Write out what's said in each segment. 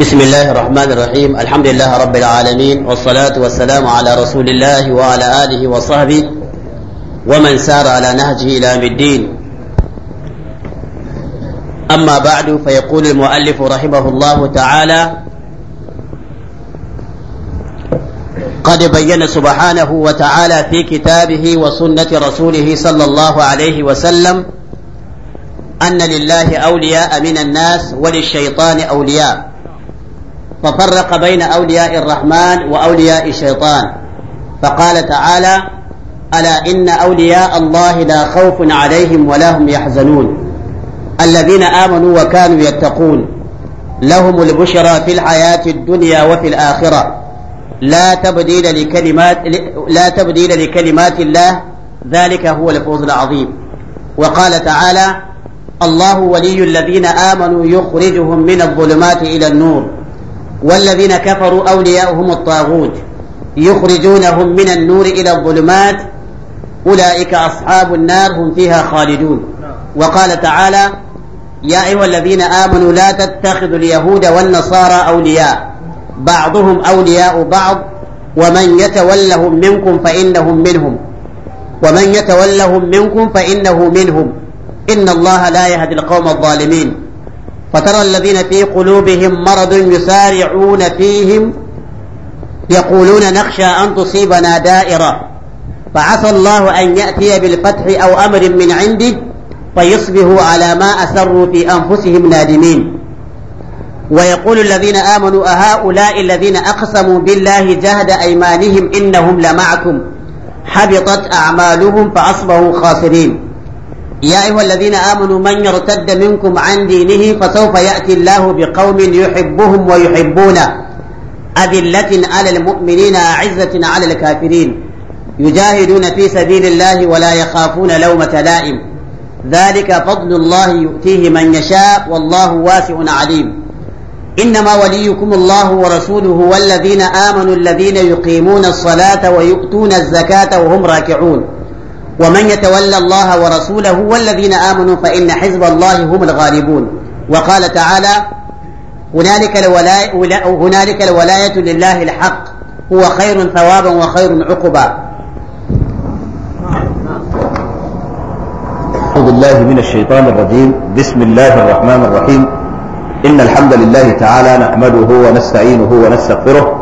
بسم الله الرحمن الرحيم الحمد لله رب العالمين والصلاة والسلام على رسول الله وعلى آله وصحبه ومن سار على نهجه إلى الدين أما بعد فيقول المؤلف رحمه الله تعالى قد بين سبحانه وتعالى في كتابه وسنة رسوله صلى الله عليه وسلم أن لله أولياء من الناس وللشيطان أولياء ففرق بين أولياء الرحمن وأولياء الشيطان فقال تعالى ألا إن أولياء الله لا خوف عليهم ولا هم يحزنون الذين آمنوا وكانوا يتقون لهم البشرى في الحياة الدنيا وفي الآخرة لا تبديل لكلمات لا تبديل لكلمات الله ذلك هو الفوز العظيم وقال تعالى الله ولي الذين آمنوا يخرجهم من الظلمات إلى النور والذين كفروا أولياؤهم الطاغوت يخرجونهم من النور إلى الظلمات أولئك أصحاب النار هم فيها خالدون وقال تعالى يا أيها الذين آمنوا لا تتخذوا اليهود والنصارى أولياء بعضهم أولياء بعض ومن يتولهم منكم فإنهم منهم ومن يتولهم منكم فإنه منهم إن الله لا يهدي القوم الظالمين فترى الذين في قلوبهم مرض يسارعون فيهم يقولون نخشى أن تصيبنا دائرة فعسى الله أن يأتي بالفتح أو أمر من عنده فيصبحوا على ما أسروا في أنفسهم نادمين ويقول الذين آمنوا أهؤلاء الذين أقسموا بالله جهد أيمانهم إنهم لمعكم حبطت أعمالهم فأصبحوا خاسرين يا أيها الذين آمنوا من يرتد منكم عن دينه فسوف يأتي الله بقوم يحبهم ويحبونه أذلة على المؤمنين أعزة على الكافرين يجاهدون في سبيل الله ولا يخافون لومة لائم ذلك فضل الله يؤتيه من يشاء والله واسع عليم إنما وليكم الله ورسوله والذين آمنوا الذين يقيمون الصلاة ويؤتون الزكاة وهم راكعون ومن يتولى الله ورسوله والذين آمنوا فإن حزب الله هم الغالبون وقال تعالى هنالك الولاية, هنالك الولاية لله الحق هو خير ثوابا وخير عقبا أعوذ بالله من الشيطان الرجيم بسم الله الرحمن الرحيم إن الحمد لله تعالى نحمده ونستعينه ونستغفره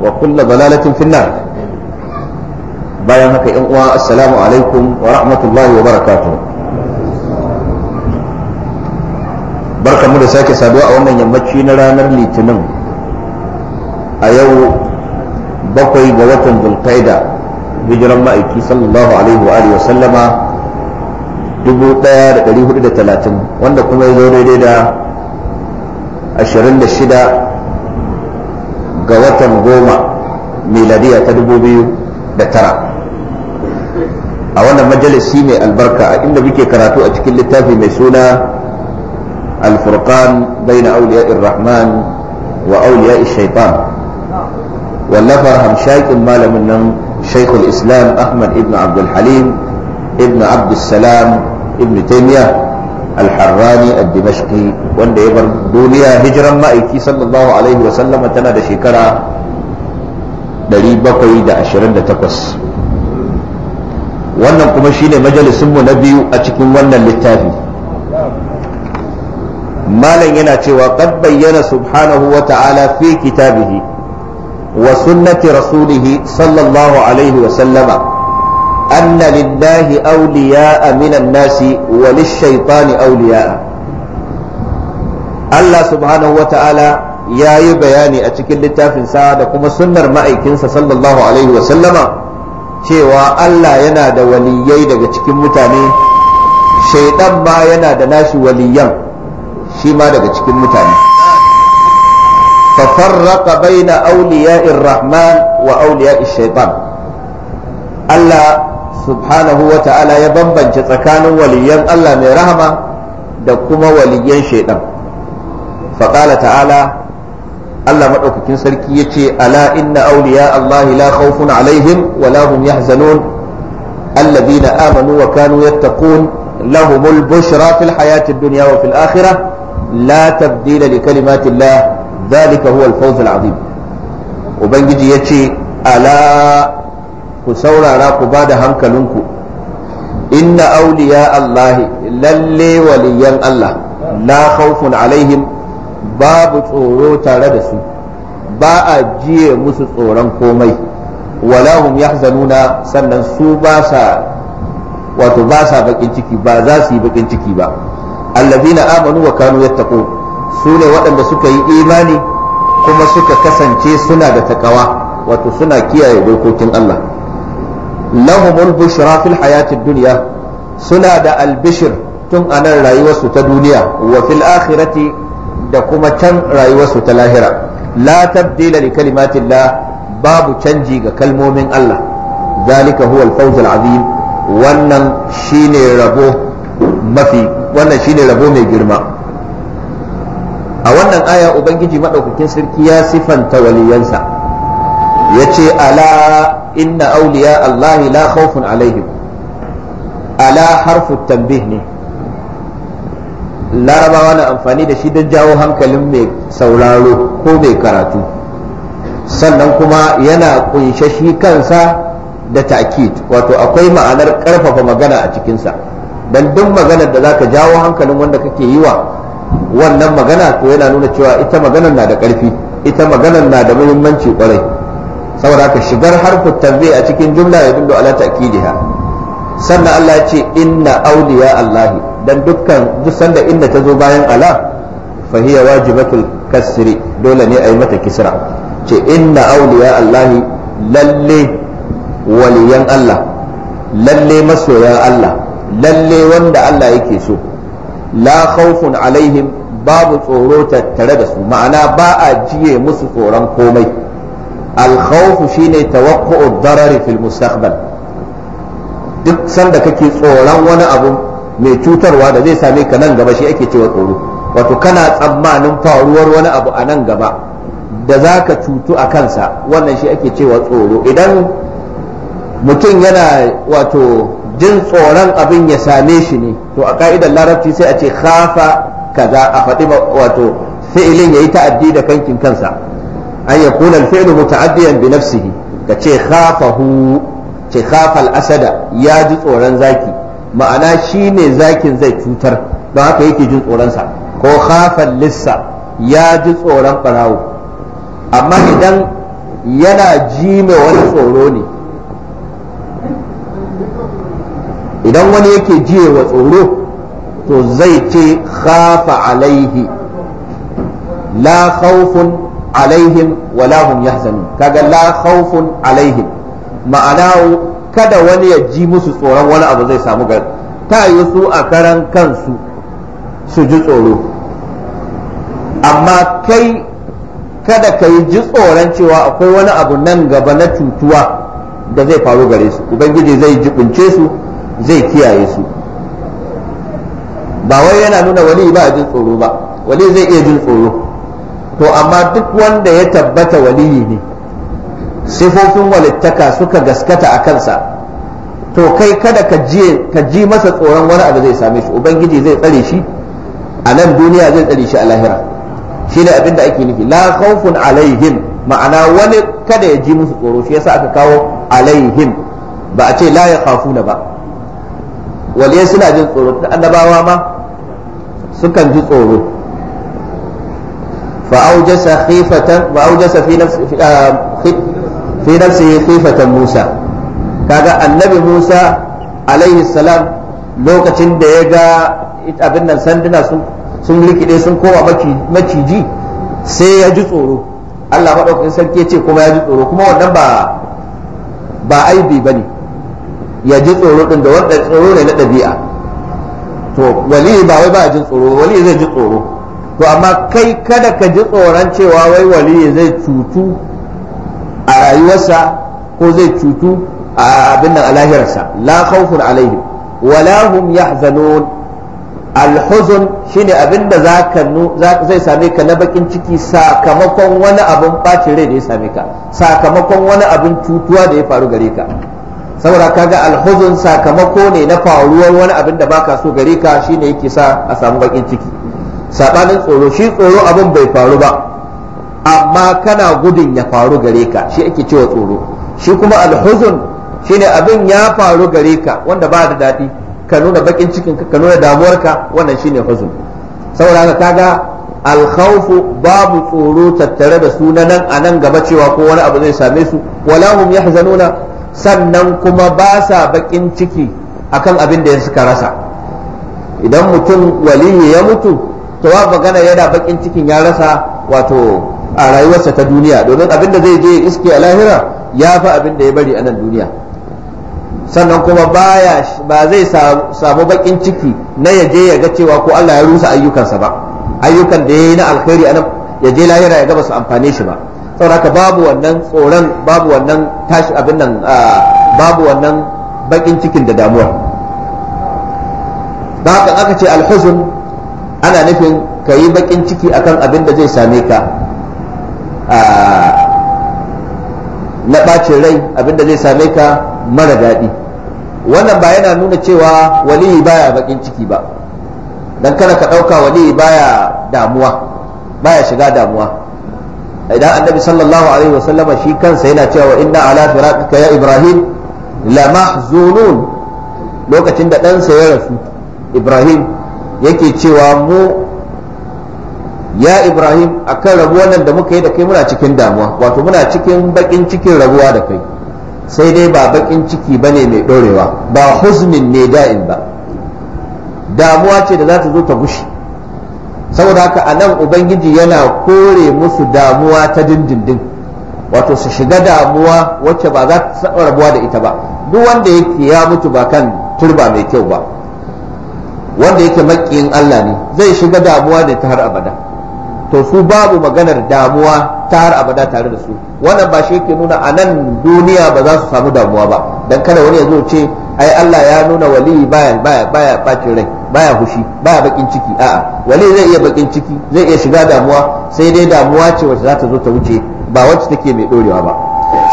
wa kulla dalalatin finnar bayan haka yan uwa assalamu alaikum wa rahmatullahi wa barakatuh barkamu da sake saduwa a wannan yammaci na ranar litinin a yau bakwai ga watan zulqaida hijiran ma'aiki sallallahu alaihi wa alihi wa 1430 wanda kuma ya zo daidai da 26 ga watan goma miladiya ta dubu biyu da tara a wannan majalisi mai albarka a inda muke karatu a cikin littafi mai suna alfurqan baina auliya rahman wa auliya shaitan wallafar hamshakin malamin nan shaikhul islam ahmad ibn abdul ibn abdul salam ibn al-harrani ad wanda ya bar duniya hijiran ma'aiki sallallahu alaihi wa sallama tana da shekara 728 wannan kuma shine majalisinmu na biyu a cikin wannan littafi malam yana cewa kan bayyana subhanahu wa ta'ala fi kitabihi wa sunnati rasulih sallallahu alaihi wa sallama أن لله أولياء من الناس وللشيطان أولياء الله سبحانه وتعالى يا يبياني أتكل لتافن سعادة كما سنر مأيكنس صلى الله عليه وسلم cewa Allah yana da waliyai daga cikin mutane shaidan ma yana da nashi waliyan shi ma daga cikin mutane fafarraka baina auliya'ir rahman wa auliya'ir shaitan Allah subhanahu wa ta'ala ya bambance tsakanin waliyan Allah mai rahama da kuma waliyan shaidan faƙala ta'ala Allah maɗaukakin sarki ya ce ala inna auliya Allah la khawfun alaihim wa lahum yahzanun alladhina amanu wa kanu yattaqun lahumul bushra fil hayati dunya wa fil akhirah la tabdila li kalimati Allah dhalika huwa al-fawz al-azim ubangiji yace ala ku saurara ku ba da hankalinku inna auliya allahi lalle waliyan allah la khawfun alaihim babu tsoro tare da su ba a jiye musu tsoron komai wala hum yahzanuna sannan su ba sa wato ba sa bakin ciki ba za su yi bakin ciki ba allazina amanu wa kanu yattaqun su ne waɗanda suka yi imani kuma suka kasance suna da takawa wato suna kiyaye dokokin Allah lahumul bushra fil hayatid duniya suna da albishir tun a nan rayuwarsu ta duniya wa fil akhirati da kuma can rayuwarsu ta lahira la tabdila li kalimatillah babu canji ga kalmomin Allah zalika huwa al-fawz wannan shine rabo mai girma a wannan aya ubangiji madaukakin sarki ya sifanta waliyansa yace ala inna auliya Allah la khawfun alaihim ala harfu tanbih ne larabawa na amfani da shi don jawo hankalin mai sauraro ko mai karatu sannan kuma yana kunshe shi kansa da ta'kid wato akwai ma'anar karfafa magana a cikinsa dan duk maganar da zaka jawo hankalin wanda kake yi wa wannan magana to yana nuna cewa ita maganar na da karfi ita maganar na da muhimmanci kwarai saboda haka shigar harfin tanbihi a cikin jumla ya dullu ala ta'kidiha sannan Allah ya ce inna awliya Allah dan dukkan duk sanda inna ta zo bayan ala fa hiya wajibatul kasri dole ne a yi mata kisra ce inna awliya Allah lalle waliyan Allah lalle masoyan Allah lalle wanda Allah yake so la khawfun alaihim babu tsoro tattare da su ma'ana ba a jiye musu tsoron komai الخوف shine tawaku'u darari في المستقبل duk sanda kake tsoron wani abu mai cutarwa da zai same ka nan gaba shi ake cewa tsoro wato kana tsammanin faruwar wani abu a nan gaba da za ka cutu a kansa wannan shi ake cewa tsoro idan mutum yana wato jin tsoron abin ya same shi ne to a ka'idar larabci sai a ce khafa kaza a faɗi wato fi'ilin ya yi ta'addi da kankin kansa an yakuna al-fi'lu muta'addiyan bi ka ce khafahu asada ya ji tsoron zaki ma'ana shine zakin zai cutar don haka yake jin tsoron sa ko khafal lissa ya ji tsoron barawo amma idan yana ji tsoro ne idan wani yake jiye wa tsoro to zai ce kafa alaihi la khawfun alaihim wala hum yahzanun kaga la khawfun alaihim ma'ana kada wani ya ji musu tsoron wani abu zai samu ga ta yi su a karan kansu su ji tsoro amma kai kada ka yi ji tsoron cewa akwai wani abu nan gaba na cutuwa da zai faru gare su ubangiji zai jibince su zai kiyaye su ba wai yana nuna wani ba jin tsoro ba wani zai iya jin tsoro to amma duk wanda ya tabbata waliyi ne sifofin walittaka suka gaskata a kansa to kai kada ka ji masa tsoron wani abu zai same shi ubangiji zai tsare shi a nan duniya zai tsare shi a lahira shi ne abin ake nufi la khawfun alaihim ma'ana wani kada ya ji musu tsoro shi yasa aka kawo alaihim ba a ce la ya na ba waliyai suna jin tsoro annabawa ma sukan ji tsoro فأوجس خيفة وأوجس في نفس في, آه في نفسه خيفة موسى كاغا النبي موسى عليه السلام لوكتين دا يغا abin nan sanduna sun rikide sun koma maciji sai ya ji tsoro Allah maɗaukakin sarki ya ce kuma ya ji tsoro kuma wannan ba ba aibi ba ne ya ji tsoro ɗin da wanda tsoro ne na ɗabi'a to wali ba wai ba jin tsoro wali zai ji tsoro to amma kai kada ka ji tsoron cewa wai wali zai cutu a rayuwarsa ko zai cutu a abin nan a lahirarsa la khawfun alaihi. wala hum yahzanun alhuzun shine abin da zai same ka na bakin ciki sakamakon wani abin bacin rai da ya same ka sakamakon wani abin cutuwa da ya faru gare ka saboda kaga alhuzun sakamako ne na faruwar wani abin da baka so gare ka shine yake sa a samu bakin ciki sabanin tsoro shi tsoro abin bai faru ba amma kana gudun ya faru gare ka shi ake cewa tsoro shi kuma alhuzun shi ne abin ya faru gare ka wanda ba da daɗi ka nuna bakin cikin ka nuna damuwarka wannan shi ne huzun saboda haka kaga alkhawfu babu tsoro tattare da su na nan a nan gaba cewa ko wani abu zai same su wala hum yahzanuna sannan kuma ba sa bakin ciki akan abin da suka rasa idan mutum waliyi ya mutu to ba magana yana bakin cikin ya rasa wato a rayuwarsa ta duniya domin abin da zai je iske a lahira ya fi abin da ya bari a nan duniya sannan kuma baya ba zai samu bakin ciki na ya ya ga cewa ko Allah ya rusa ayyukansa ba ayyukan da ya yi na alkhairi a nan ya je lahira ya ga ba su amfane shi ba saboda babu wannan tsoron babu wannan tashi abin nan babu wannan bakin cikin da damuwa ba aka ce alhuzun ana nufin ka yi bakin ciki akan abin da zai same ka na bacin rai abin da zai same ka mara daɗi wannan ba yana nuna cewa waliyi baya bakin ciki ba dan kana ka ɗauka waliyi baya damuwa baya shiga damuwa idan annabi sallallahu alaihi wasallama shi kansa yana cewa inna ala firaqika ya ibrahim la mahzunun lokacin da ɗansa ya rasu ibrahim yake cewa mu ya ibrahim a kan rabuwar nan da muka yi da kai muna cikin damuwa wato muna cikin bakin cikin rabuwa da kai sai dai ba bakin ciki ba ne mai dorewa ba huznin ne da'in ba damuwa ce da za ta zo ta gushi saboda haka a nan ubangiji yana kore musu damuwa ta dindindin wato su shiga damuwa wacce ba za ta rabuwa da ita ba duk wanda yake ya mutu ba kan turba mai kyau ba wanda yake makiyin Allah ne zai shiga damuwa ne ta har abada to su babu maganar damuwa ta har abada tare da su wannan ba shi yake nuna a nan duniya ba za su samu damuwa ba dan kada wani ya zo ce ai Allah ya nuna wali baya baya baya bacin rai baya hushi baya bakin ciki a'a wali zai iya bakin ciki zai iya shiga damuwa sai dai damuwa ce wacce za ta zo ta wuce ba wacce take mai dorewa ba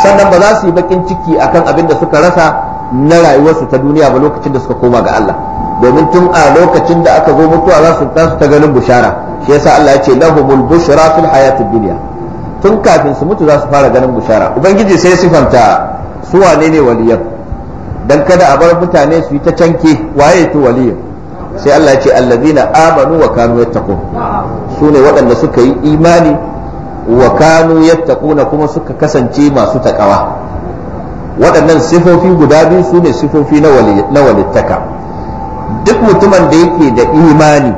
sannan ba za su yi bakin ciki akan abin da suka rasa na rayuwarsu ta duniya ba lokacin da suka koma ga Allah domin tun a lokacin da aka zo mutuwa za su tasu ta ganin bushara shi yasa Allah ya ce lahumul bushra fil hayatid dunya tun kafin su mutu za su fara ganin bushara ubangiji sai sifanta su wane ne waliyar dan kada a bar mutane su yi ta canke waye to waliyar sai Allah ya ce allazina amanu wa kanu yattaqun su ne waɗanda suka yi imani wa kanu yattaquna kuma suka kasance masu takawa waɗannan sifofi guda biyu su ne sifofi na walittaka duk mutumin da yake da imani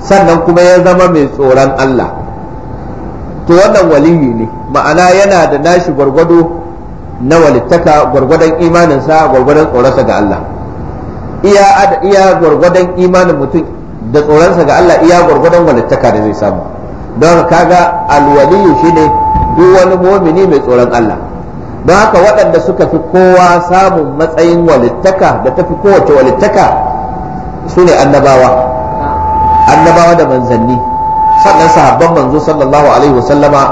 sannan kuma ya zama mai tsoron Allah to wannan waliyi ne ma'ana yana da nashi gwargwado na walittaka gwargwadon imaninsa gwargwadon tsoronsa ga Allah iya iya gwargwadon imanin mutum da tsoronsa ga Allah iya gwargwadon walittaka da zai samu don kaga alwaliyu shine duk wani mumini mai tsoron Allah don haka waɗanda suka fi kowa samun matsayin walittaka da ta fi kowace walittaka su ne annabawa annabawa da manzanni sannan sahabban manzo sallallahu alaihi wasallama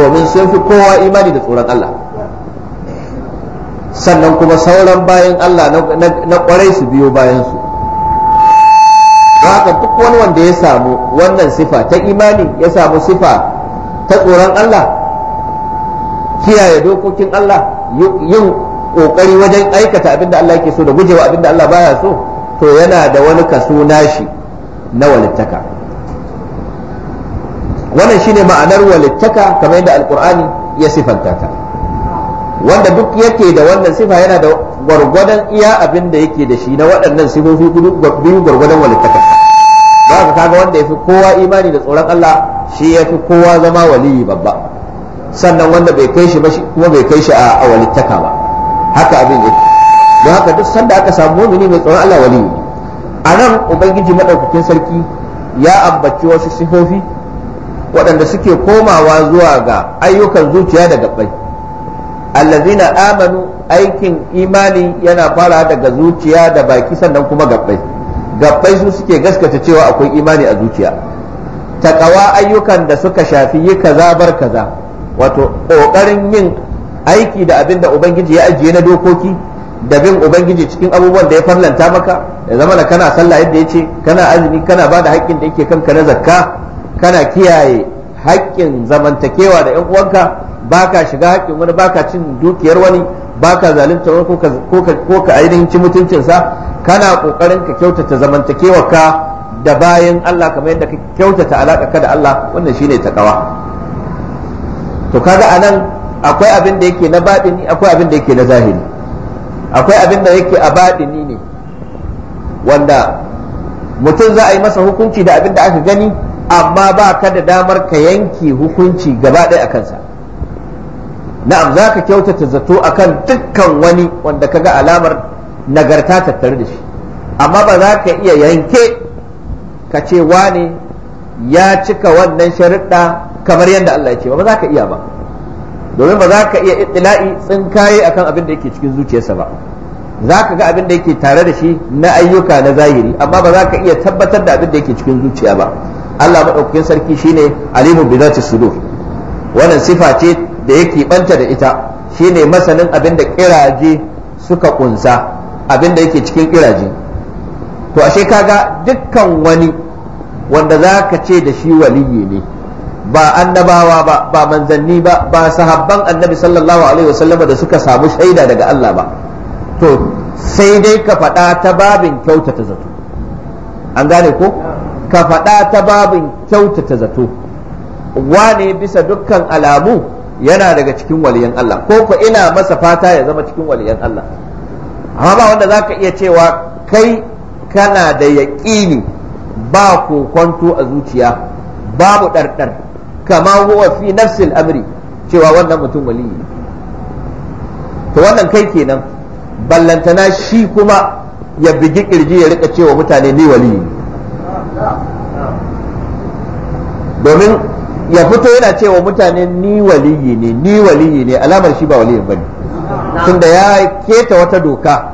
domin sun fi kowa imani da tsoron Allah sannan kuma sauran bayan Allah na kwarai su biyo bayan su haka duk wani wanda ya samu wannan sifa ta imani ya samu sifa ta tsoron Allah kiyaye dokokin Allah yin kokari wajen aikata abinda Allah yake so da gujewa abinda Allah baya so to yana da wani kaso nashi na walittaka wannan shine ma'anar walittaka kamar yadda alkur'ani ya sifanta ta wanda duk yake da wannan sifa yana da gwargwadon iya abin da yake da shi na waɗannan sifofi biyu gwargwadon walittaka za ka kaga wanda ya fi kowa imani da tsoron Allah shi ya fi kowa zama waliyi babba sannan wanda bai kai shi ba kuma bai kai shi a awalittaka ba haka abin yake don haka duk sanda aka samu mumini mai tsoron Allah wali a nan ubangiji madaukakin sarki ya ambaci wasu sifofi waɗanda suke komawa zuwa ga ayyukan zuciya da gabbai allazina amanu aikin imani yana fara daga zuciya da baki sannan kuma gabbai gabbai su suke gaskata cewa akwai imani a zuciya takawa ayyukan da suka shafi yi kaza bar kaza wato ƙoƙarin yin aiki da abin da ubangiji ya ajiye na dokoki da bin ubangiji cikin abubuwan da ya farlanta maka ya zama da kana sallah yadda ya ce kana azumi kana ba da haƙƙin da yake kanka na zakka kana kiyaye haƙƙin zamantakewa da 'yan uwanka baka shiga haƙƙin wani baka cin dukiyar wani baka zalunta wani ko ka ainihin ci mutuncinsa kana kokarin ka kyautata zamantakewa ka da bayan Allah kamar yadda ka kyautata alaƙa ka da Allah wannan shine takawa to kaga anan akwai abin da yake na baɗini akwai abin da yake na zahiri akwai abin da yake a baɗini ne wanda mutum za a yi masa hukunci da abin da aka gani amma ba ka da damar ka yanke hukunci gaba ɗaya a kansa na'am za ka kyautata zato akan dukkan wani wanda ka ga alamar nagarta tattare da shi amma ba za ka iya yanke ka ce wane ya cika wannan sharuɗa kamar yadda Allah ya ce ba za ka iya ba domin ba za ka iya ittila'i tsinkaye akan abin da yake cikin zuciyarsa ba za ka ga abin da yake tare da shi na ayyuka na zahiri amma ba za ka iya tabbatar da abin da yake cikin zuciya ba Allah maɗaukakin sarki shine alimu bi zati sudur wannan sifa ce da yake banta da ita shine masanin abin da kiraje suka kunsa abin da yake cikin kiraje to ashe kaga dukkan wani wanda za ka ce da shi waliyi ne ba annabawa ba ba manzanni ba ba sahabban annabi sallallahu alaihi wasallama da suka samu shaida daga Allah ba to sai dai ka faɗa ta babin kyautata zato an gane ko ka faɗa ta babin kyautata zato wane bisa dukkan alamu yana daga cikin waliyan Allah ko ko ina masa fata ya zama cikin waliyan Allah amma ba wanda zaka iya cewa kai kana da yaƙini ba ko a zuciya babu ɗarɗar kama huwa fi nafsil amri cewa wannan mutum waliyi to wannan kai kenan ballantana shi kuma ya bigi kirji ya rika cewa mutane ni waliyi domin ya fito yana cewa mutane ni waliyi ne ni waliyi ne alamar shi ba waliyin bane tunda ya keta wata doka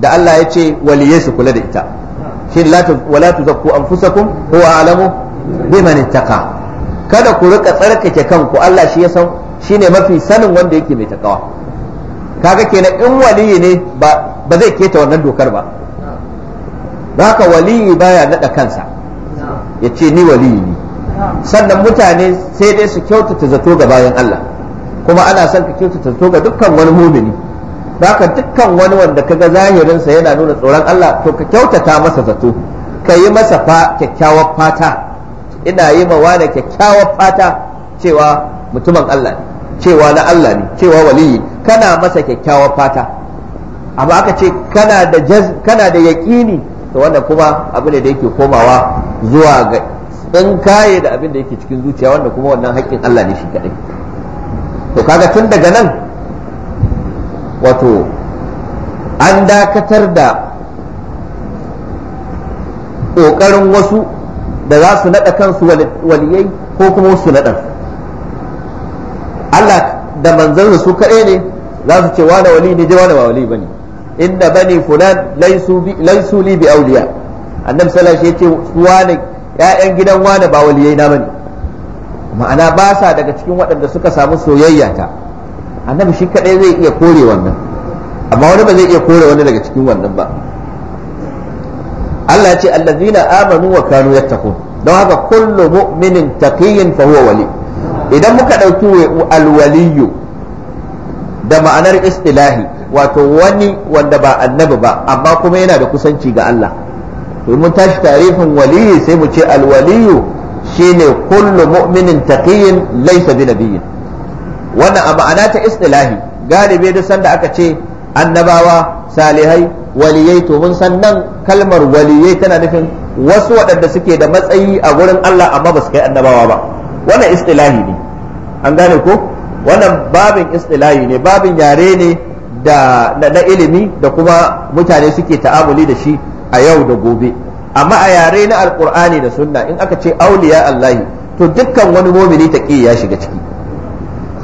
da Allah ya ce waliye su kula da ita shin la wala tuzakku anfusakum huwa a'lamu mani ittaqa kada ku rika tsarkake kanku Allah shi ya san shine mafi sanin wanda yake mai takawa kaga kenan in waliyi ne ba zai keta wannan dokar ba haka waliyi baya nada kansa ya ce ni waliyi ne sannan mutane sai dai su kyautata zato ga bayan Allah kuma ana son ka kyautata zato ga dukkan wani mumini haka dukkan wani wanda kaga zahirinsa yana nuna tsoron Allah to ka kyautata masa zato ka yi masa fa kyakkyawar fata ina yi ma wani kyakkyawar fata cewa mutumin Allah ne cewa na Allah ne cewa waliyi kana masa kyakkyawar fata amma aka ce kana da jaz kana da yaqini to wanda kuma abu ne da yake komawa zuwa ga tsinkaye da abin da yake cikin zuciya wanda kuma wannan haƙƙin Allah ne shi kadai to kaga tun daga nan wato an dakatar da ƙoƙarin wasu da za su naɗa kansu waliyai ko kuma su naɗa Allah da manzansa su kaɗai ne za su ce wani wali ne je wane ba wali bane inna bani fulan laisu bi laisu li bi awliya annabi sallallahu alaihi wasallam ya ce wane ƴaƴan gidan wani ba waliyai na bane ma'ana ba sa daga cikin waɗanda suka samu soyayya ta annabi shi kaɗai zai iya kore wannan amma wani ba zai iya kore wani daga cikin wannan ba Allah ya ce allazina amanu wa kanu yattaqun don haka kullu mu'minin taqiyyin fa huwa wali idan muka dauki alwaliyu da ma'anar istilahi wato wani wanda ba annabi ba amma kuma yana da kusanci ga Allah to mun tashi tarifin waliyi sai mu ce alwaliyu shine kullu mu'minin taqiyyin laysa binabiyyin wannan a ma'ana ta istilahi galibi da sanda aka ce annabawa salihai waliyai to mun san nan kalmar waliyai tana nufin wasu waɗanda suke da matsayi a gurin Allah amma ba su kai annabawa ba wannan istilahi ne an gane ko wannan babin istilahi ne babin yare ne da na ilimi da kuma mutane suke ta'amuli da shi a yau da gobe amma a yare na alkur'ani da sunna in aka ce auliya allahi to dukkan wani mumini ta ya shiga ciki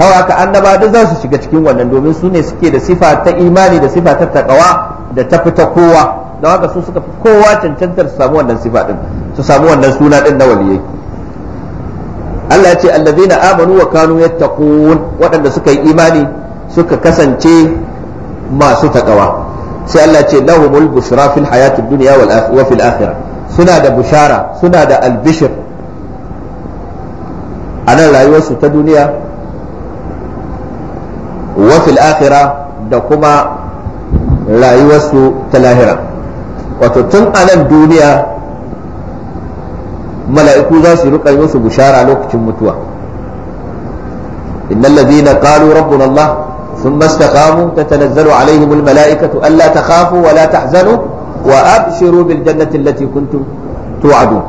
kawai ka annaba duk za su shiga cikin wannan domin su ne suke da sifa ta imani da sifa ta takawa da ta fita kowa don haka su suka fi kowa cancantar su samu wannan sifa din su samu wannan suna din na waliyai Allah ya ce allazina amanu wa kanu yattaqun waɗanda suka yi imani suka kasance masu takawa sai Allah ce lahumul bushra fil hayatid dunya wa fil akhirah suna da bushara suna da albishir a nan rayuwarsu ta duniya wa fil da kuma rayuwarsu ta lahira wato tun a nan duniya mala'iku za su rika musu bushara lokacin mutuwa innal ladina qalu rabbuna allah thumma istaqamu tatanazzalu alaihim al mala'ikatu alla takhafu wa la tahzanu wa abshiru bil jannati allati kuntum tu'adun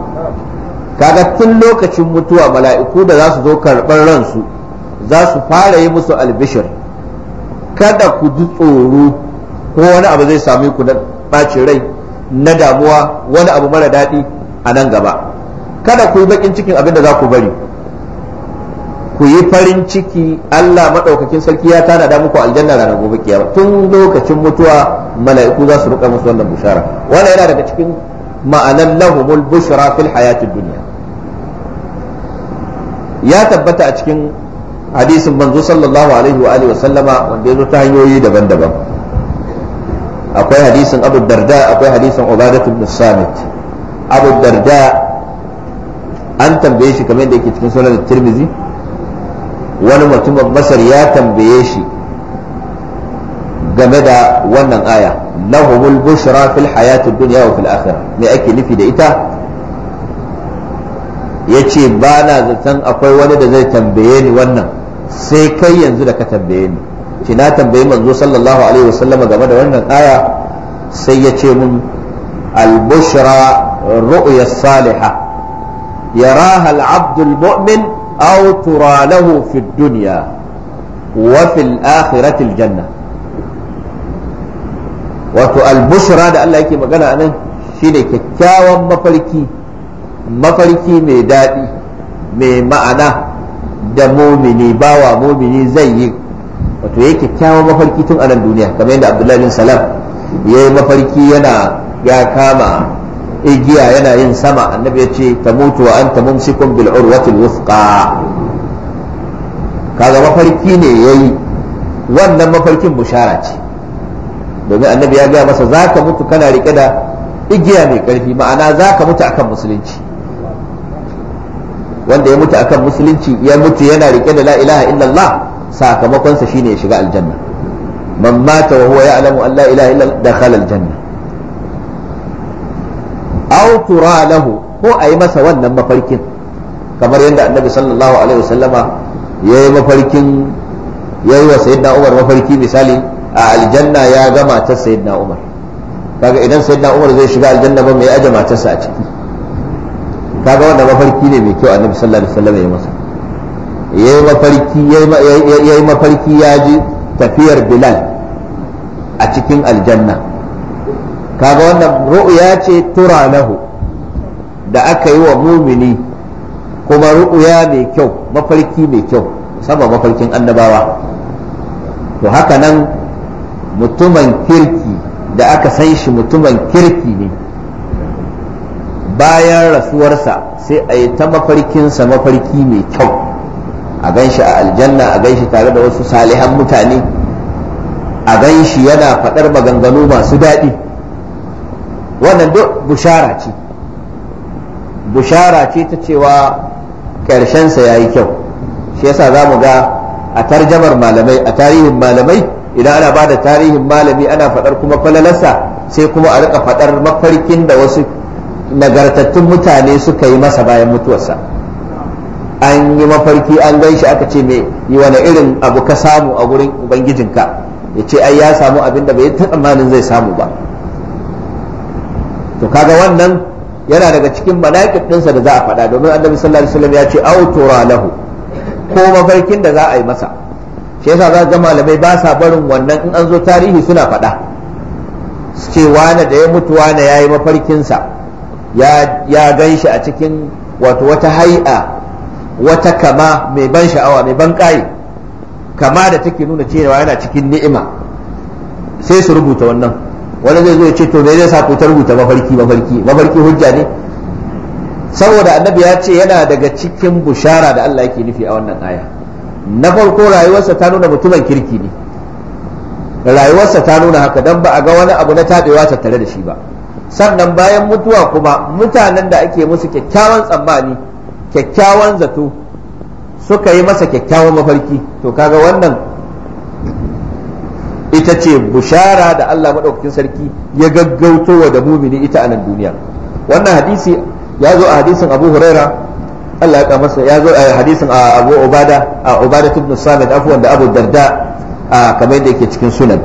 kaga tun lokacin mutuwa mala'iku da za su zo karɓar ransu za su fara yi musu albishir kada ku ji tsoro ko wani abu zai sami ku na bacin rai na damuwa wani abu mara daɗi a nan gaba kada ku yi baƙin cikin abin da za ku bari ku yi farin ciki Allah maɗaukakin sarki ya da muku aljanna ranar gobe kiyama tun lokacin mutuwa mala'iku za su ruka musu wannan bushara wannan yana daga cikin ma'anan lahumul bushra fil hayatid dunya ya tabbata a cikin hadisin manzo sallallahu alaihi wa wa sallama wanda ya zo ta hanyoyi daban-daban akwai hadisin abu darda akwai hadisin ubadat ibn samit abu darda an tambaye shi kamar da yake cikin sunan tirmizi wani mutumin masar ya tambaye shi game da wannan aya lahumul bushra fil hayatid dunya wa fil akhirah me ake nufi da ita yace ba na zaton akwai wani da zai tambaye ni wannan sai kai yanzu da ka tambaye ni ce na tambayi manzo sallallahu alaihi wasallama game da wannan aya sai ya ce mun albushra bushra ru'ya salihah yaraha al-abd al-mu'min aw tura lahu fi dunya wa akhirati al-janna wato albushra da Allah yake magana anan shine kyakkyawan mafarki mafarki mai daɗi mai ma'ana da mumini bawa mumini zai yi wato ya kyakkyawan mafarki tun a nan duniya kamar yadda abdullahi bin salam ya yi mafarki yana ya kama igiya yana yin sama annabi ya ce ta mutu wa anta mumsikun bil urwatil wuthqa kaga mafarki ne yayi wannan mafarkin bushara ce domin annabi ya gaya masa zaka mutu kana rike da igiya mai karfi ma'ana zaka mutu akan musulunci wanda ya mutu akan musulunci ya mutu yana rike da la ilaha illallah sakamakon sa shine ya shiga aljanna man mata wa huwa ya'lamu an la ilaha illallah dakhala aljanna aw tura lahu ko ayi masa wannan mafarkin kamar yadda annabi sallallahu alaihi wasallama ya yi mafarkin ya wa sayyidina umar mafarki misali a aljanna ya ga matar sayyidina umar kaga idan sayyidina umar zai shiga aljanna ba mai aje matarsa a ciki kaga wannan mafarki ne mai kyau annabi sallallahu alaihi wasallam ya masa yayi mafarki yayi mafarki ya ji tafiyar bilal a cikin aljanna kaga wannan ru'ya ce tura lahu da aka yi wa mumini kuma ru'ya mai kyau mafarki mai kyau musamman mafarkin annabawa to haka nan mutumin kirki da aka san shi mutumin kirki ne bayan rasuwarsa sai a yi ta mafarkinsa mafarki mai kyau a gan a aljanna a gan tare da wasu salihan mutane a ganshi yana faɗar maganganu masu daɗi wannan duk bushara ce bushara ce ta cewa ƙarshensa ya yi kyau shi yasa za mu ga a tarjamar malamai a tarihin malamai idan ana ba da tarihin malami ana faɗar kuma falalarsa sai kuma a riƙa faɗar mafarkin da wasu nagartattun mutane suka yi masa bayan mutuwarsa an yi mafarki an gan shi aka ce me yi wani irin abu ka samu a gurin ubangijinka ya ce ai ya samu abin da bai yi tsammanin zai samu ba to kaga wannan yana daga cikin manaƙib ɗinsa da za a faɗa domin annabi sallallahu alaihi wasallam ya ce au tura lahu ko mafarkin da za a yi masa shi yasa za ga malamai ba sa barin wannan in an zo tarihi suna faɗa su ce da ya mutuwa na ya yi mafarkinsa ya gan shi a cikin wato wata hai'a wata kama mai ban sha'awa mai ban ƙayi kama da take nuna cewa yana cikin ni'ima sai su rubuta wannan wani zai zo ya ce to me zai sa ku ta rubuta mafarki mafarki mafarki hujja ne saboda annabi ya ce yana daga cikin bushara da Allah yake nufi a wannan aya na farko rayuwarsa ta nuna mutumin kirki ne rayuwarsa ta nuna haka dan ba a ga wani abu na tabewa tattare da shi ba sannan bayan mutuwa kuma mutanen da ake musu kyakkyawan tsammani kyakkyawan zato suka yi masa kyakkyawan mafarki to kaga wannan ita ce bushara da Allah maɗaukakin sarki ya gaggautowa da mumini ita a nan duniya wannan hadisi ya zo a hadisin abu huraira Allah ya masa ya zo a hadisin abu ubada a ubada ibn samit afuwan da abu darda kamar yadda yake cikin sunan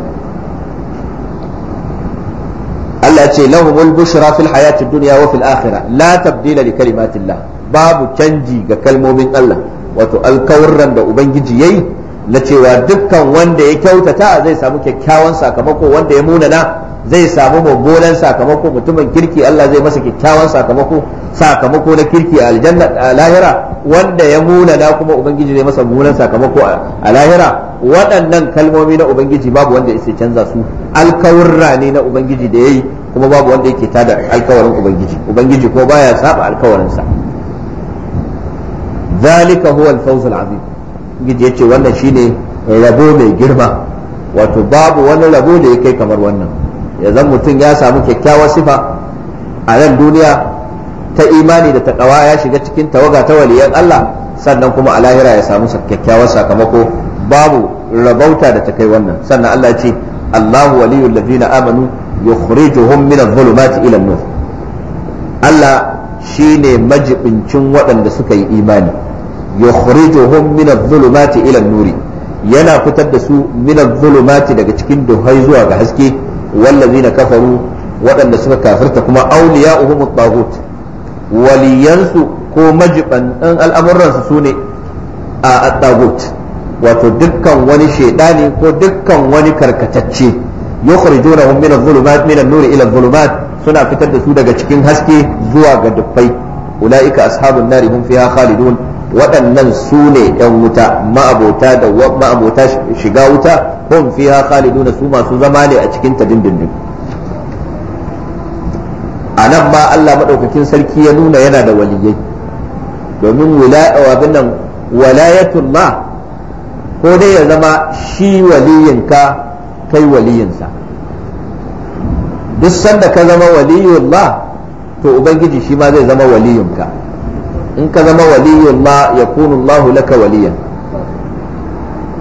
Allah ce lahumul bushra fil hayati dunya wa fil akhirah la tabdila li kalimatillah babu canji ga kalmomin Allah wato alkawarran da ubangiji yayi na cewa dukkan wanda ya kyautata zai samu kyakkyawan sakamako wanda ya munana zai samu mummunan sakamako mutumin kirki Allah zai masa kyakkyawan sakamako sakamako na kirki a aljanna a lahira wanda ya munana kuma ubangiji zai masa mummunan sakamako a lahira waɗannan kalmomi na ubangiji babu wanda ya canza su alkawurra ne na ubangiji da ya yi kuma babu wanda yake tada alkawarin ubangiji ubangiji ko baya saba alkawarinsa zalika huwa alfawz alazim al yace wannan shine rabo mai girma wato babu wani rabo da ya kai kamar wannan ya mutum ya samu kyakkyawar sifa a nan duniya ta imani da takawa ya shiga cikin tawaga ta waliyan Allah sannan kuma a lahira ya samu kyakkyawar sakamako babu rabauta da ta kai wannan sannan Allah ya ce Allahu waliyul ladina amanu yukhrijuhum min adh-dhulumati ila an-nur Allah shine majibincin waɗanda suka yi imani yukhrijuhum min adh-dhulumati ila an-nuri yana fitar da su min adh-dhulumati daga cikin duhai zuwa ga haske wallazina kafaru waɗanda suka kafirta kuma awliya'uhum at-taghut waliyansu ko majiban al'amuransu su ne a at-taghut wato dukkan wani ne ko dukkan wani karkatacce yukhrijunahum min adh-dhulumat min an-nur ila adh-dhulumat suna fitar da su daga cikin haske zuwa ga dubbai ulaika ashabun nari hum fiha khalidun waɗannan su ne ‘yan wuta ma'abota da ma'abota shiga wuta hum fiha su masu zama ne a cikin ta dindindin a nan ma Allah maɗaukakin sarki ya nuna yana da waliyai domin abin nan ma. ko dai ya zama shi waliyinka kai waliyinsa duk sanda ka zama waliyullah to ubangiji shi ma zai zama waliyinka in ka zama waliyullah ya Allahu laka waliyan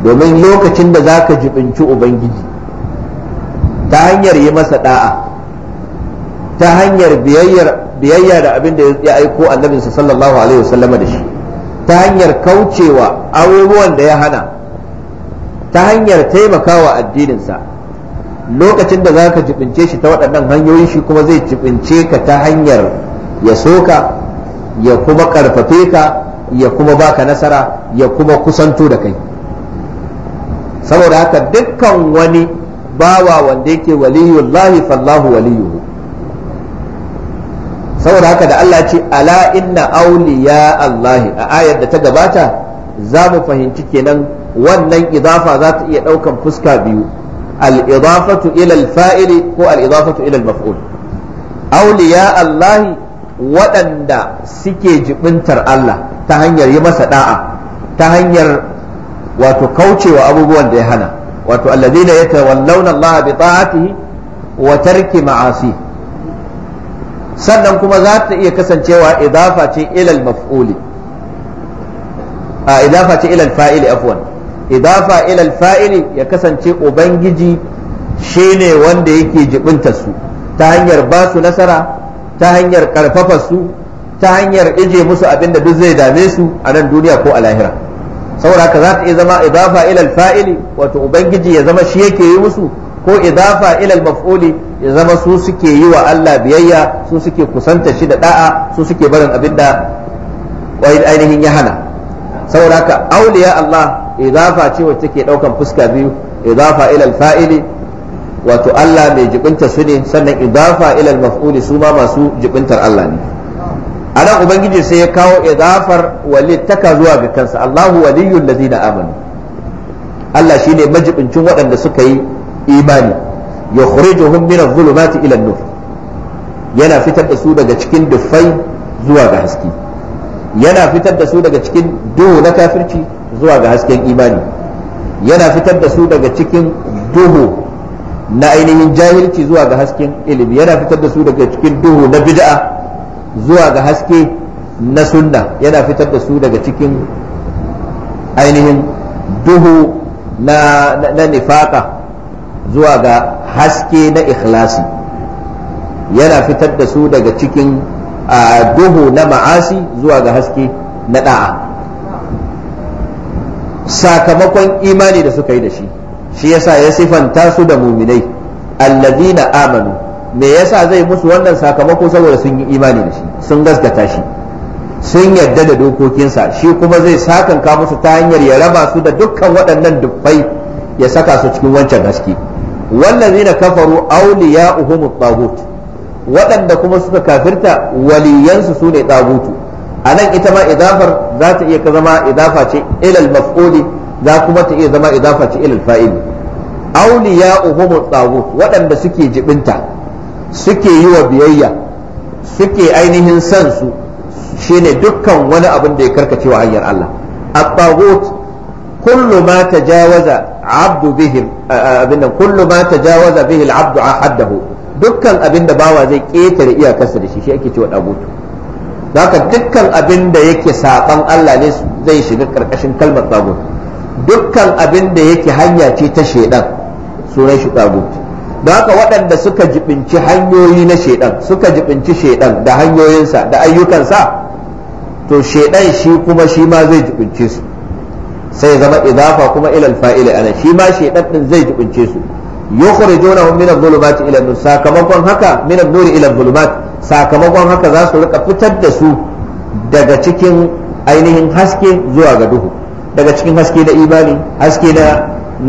domin lokacin da za ka jibinci ubangiji ta hanyar yi masa da'a ta hanyar biyayya da abin da ya aiko annabinsa sallallahu alaihi wasallama da shi ta hanyar kaucewa abubuwan da ya hana ta hanyar taimakawa addininsa lokacin da za ka jibince shi ta waɗannan hanyoyi shi kuma zai jibince ka ta hanyar ya soka ya kuma ƙarfafe ka ya kuma baka nasara ya kuma kusanto da kai saboda haka dukkan wani bawa wanda yake waliyullahi fallahu waliyuhu saboda haka da Allah ce ala inna auliya Allahi a ayar da ta gabata za mu fahimci kenan wannan idafa za ta iya ɗaukan fuska biyu al-idafatu ila faili ko al-idafatu ila maful auliya Allahi waɗanda suke jibintar Allah ta hanyar yi masa da'a ta hanyar wato kaucewa abubuwan da ya hana wato alladhina yatawallawna Allah bi ta'atihi wa tarki ma'asi sannan kuma za ta iya kasancewa idafa ce ila mafuli a idafa ce ila faili afwan idafa ila fa'ili ya kasance ubangiji shine wanda yake jibinta su ta hanyar ba su nasara ta hanyar karfafa su ta hanyar ije musu abin da duk zai dame su a nan duniya ko a lahira saboda haka za iya zama idafa ila fa'ili wata ubangiji ya zama shi yake yi musu ko idafa ila maf'uli ya zama su suke yi wa Allah biyayya su suke kusanta shi da da'a su suke barin abin da ainihin Yahana. hana saboda haka auliya Allah idafa ce wacce ke daukan fuska biyu idafa ila fa'ili wato Allah mai jibinta su ne sannan idafa ila maf'uli su masu jibintar Allah ne anan ubangiji sai ya kawo idafar taka zuwa ga kansa Allahu waliyyul ladina amanu Allah shine majibincin waɗanda suka yi imani yukhrijuhum min adh-dhulumati ila nur yana fitar da su daga cikin dufai zuwa ga haske yana fitar da su daga cikin duhu na kafirci zuwa ga hasken imani yana fitar da su daga cikin duhu na ainihin jahilci zuwa ga hasken ilimi yana fitar da su daga cikin duhu na bid'a zuwa ga haske na sunna yana fitar da su daga cikin ainihin duhu na, na, na nifaka zuwa ga haske na ikhlasi yana fitar da su daga cikin duhu na ma'asi zuwa ga haske na da'a sakamakon imani da suka yi da shi shi yasa ya sifanta su da muminai alladina amanu me yasa zai musu wannan sakamako saboda sun yi imani da shi sun gaskata shi sun yarda da dokokinsa shi kuma zai sakanka musu ta hanyar ya raba su da dukkan waɗannan dubbai ya saka su cikin wancan gaske wallazina kafaru awliya'uhum at-taghut waɗanda kuma suka kafirta waliyansu sune tagutu anan ita ma idafar za ta iya zama idafa ce ilal maf'uli za kuma ta iya zama idafa ce ilal fa'ili awliya'uhum tagut waɗanda suke jibinta suke yi wa biyayya suke ainihin san su shine dukkan wani abin da ya karkace wa hanyar Allah at-tagut kullu ma tajawaza 'abdu abinda kullu ma tajawaza bihi al-'abdu haddahu dukkan abin da bawa zai ketare iyakarsa da shi shi ake cewa tagut haka dukkan abin da yake saban Allah ne zai shiga karkashin kalmar tagut dukkan abin da yake hanya ce ta shaidan sunan shi tagut don haka waɗanda suka jibinci hanyoyi na shaidan suka jibinci shaidan da hanyoyinsa da ayyukansa to shaidan shi kuma shi ma zai jibince su sai zama idafa kuma ilal fa'ili ana shi ma shaidan din zai jibince su yukhrijunahum min adh-dhulumati ila an-nur sakamakon haka min an-nuri ila adh-dhulumat sakamakon haka za su rika fitar da su daga cikin ainihin haske zuwa ga duhu daga cikin haske na imani haske na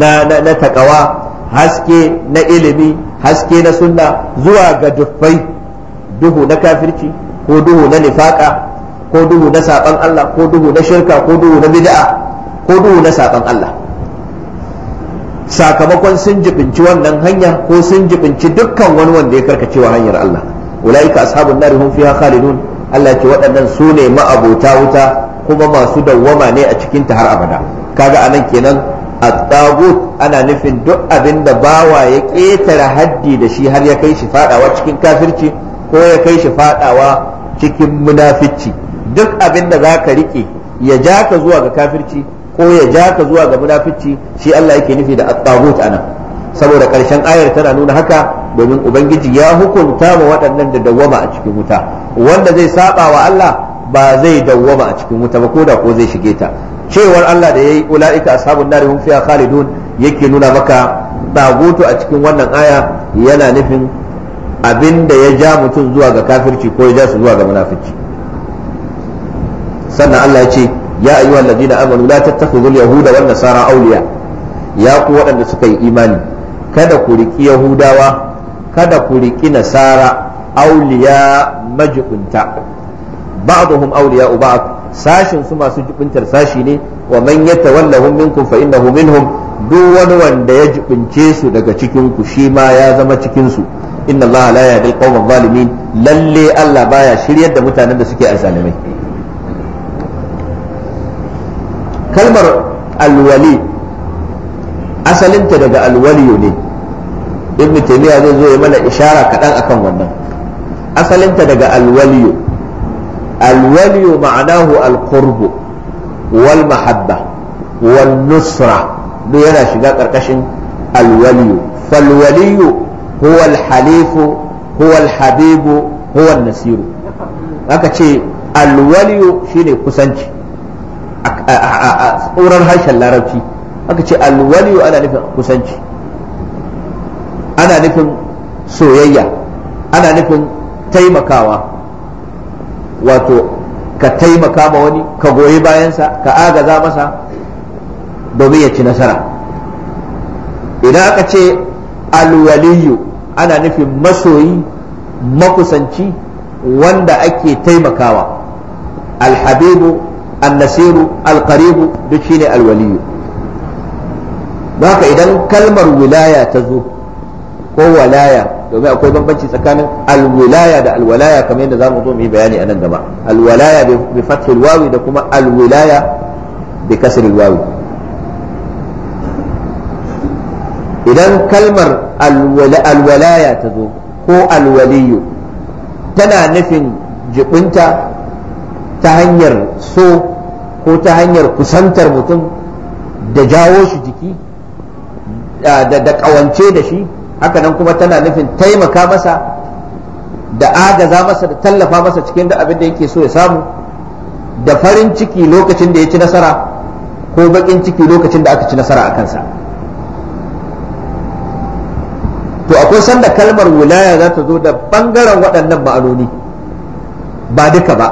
na, na, takawa haske na ilimi haske na sunna zuwa ga duffai duhu na kafirci ko duhu na nifaka ko duhu na saban Allah ko duhu na shirka ko duhu na bid'a ko duhu na saban Allah sakamakon sun jibinci wannan hanya ko sun jibinci dukkan wani wanda ya karkacewa hanyar Allah ulaika ashabun nar hum fiha khalidun Allah ya ce waɗannan su ne ma'abota wuta kuma masu dawwama ne a cikin ta har abada kaga anan kenan a tagut ana nufin duk abin da bawa ya ketare haddi da shi har ya kai shi fadawa cikin kafirci ko ya kai shi fadawa cikin munafici duk abin da zaka rike ya ja ka zuwa ga kafirci ko ya ja ka zuwa ga munafici shi Allah yake nufi da at tagut anan saboda ƙarshen ayar tana nuna haka domin ubangiji ya hukunta wa waɗannan da dawwama a cikin wuta wanda zai saba wa Allah ba zai dawwama a cikin wuta ba koda ko zai shige ta cewar Allah da yayi ulaika ashabun nar hum fiha khalidun yake nuna maka dagutu a cikin wannan aya yana nufin abinda ya ja mutum zuwa ga kafirci ko ya ja su zuwa ga munafici sannan Allah ya ce ya ayyuhal ladina amanu la tattakhidhul yahuda wan nasara awliya ya ku waɗanda suka yi imani kada ku riki yahudawa kada ku riki nasara auliya majibunta ba'dhum auliya ba'd sashin su masu jibuntar sashi ne wa man yatawallahum minkum fa innahu minhum duk wani wanda ya jibince su daga cikin ku shi ma ya zama cikin su inna allaha la yahdi alqawma zalimin lalle Allah baya shiryar da mutanen da suke azzalimai kalmar alwali asalinta daga alwali ne ibnu taymiya zai zo ya mana ishara kaɗan akan wannan asalinta daga alwaliyu alwaliyu ma'anahu alqurbu wal mahabba wal nusra duk yana shiga ƙarƙashin alwaliyu falwaliyu huwa alhalifu huwa alhabibu huwa nasiru aka ce alwaliyu shine kusanci a tsoron harshen larabci aka ce alwaliyu ana nufin kusanci ana nufin soyayya ana nufin taimakawa wato ka taimaka ma wani ka goyi bayansa ka agaza masa domin ya ci nasara idan aka ce alwaliyu ana nufin masoyi makusanci wanda ake taimakawa alhabibu annasiru alqaribu duk shine alwaliyu haka idan kalmar wilaya ta zo ko walaya domin akwai bambanci tsakanin alwilaya da alwalaya kamar yadda zamu zo mu yi bayani a nan gaba alwalaya bi fathil wawi da kuma alwilaya bi kasril wawi idan kalmar alwalaya ta zo ko alwaliyu tana nufin jibinta ta hanyar so ko ta hanyar kusantar mutum da jawo shi jiki da ƙawance da shi haka nan kuma tana nufin taimaka masa da agaza masa da tallafa masa cikin da abin da yake so ya samu da farin ciki lokacin da ya ci nasara ko baƙin ciki lokacin da aka ci nasara a kansa to akwai sanda kalmar wilaya za ta zo da bangaren waɗannan ma'anoni ba duka ba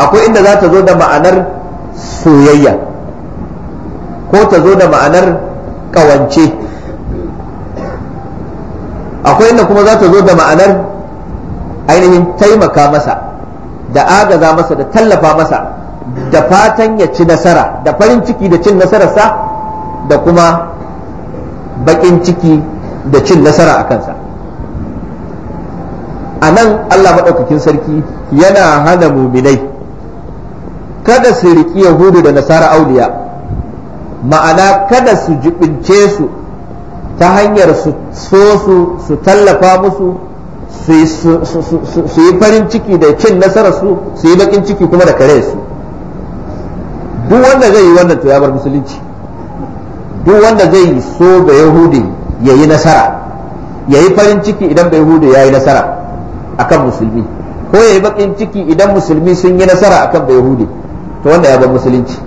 akwai inda za ta zo da ma'anar soyayya ko ta zo da ma'anar ƙawance akwai inda kuma za ta zo da ma'anar ainihin taimaka masa da agaza masa da tallafa masa da fatan ya ci nasara da farin ciki da cin nasararsa da kuma baƙin ciki da cin nasara a kansa a nan allah maɗaukakin sarki yana hana muminai kada su riƙi yahudu da nasara auliya ma'ana kada su jibince su ta hanyar su so su su tallafa musu su yi farin ciki da cin nasarar su su yi bakin ciki kuma da kare su duk wanda zai yi wannan to ya bar musulunci duk wanda zai yi so ga yahudi ya yi nasara ya yi farin ciki idan bai yahudi ya yi nasara akan musulmi ko ya yi bakin ciki idan musulmi sun yi nasara akan bai yahudi to wanda ya bar musulunci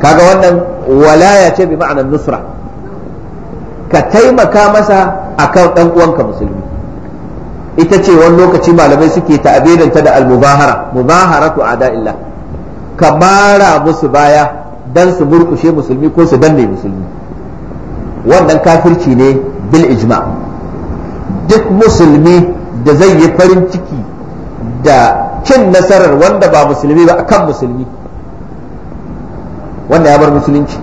kaga wannan walaya ce bi ma'anar nusra ka taimaka masa a kan ɗan uwanka musulmi ita ce wani lokaci malamai suke ta'abirinta da al-mubahara mubaharatu da'Illa. ka mara musu baya dan su murkushe musulmi ko su danne musulmi wannan kafirci ne bil ijma duk musulmi da zai yi farin ciki da cin nasarar wanda ba musulmi ba akan musulmi wanda ya bar musulunci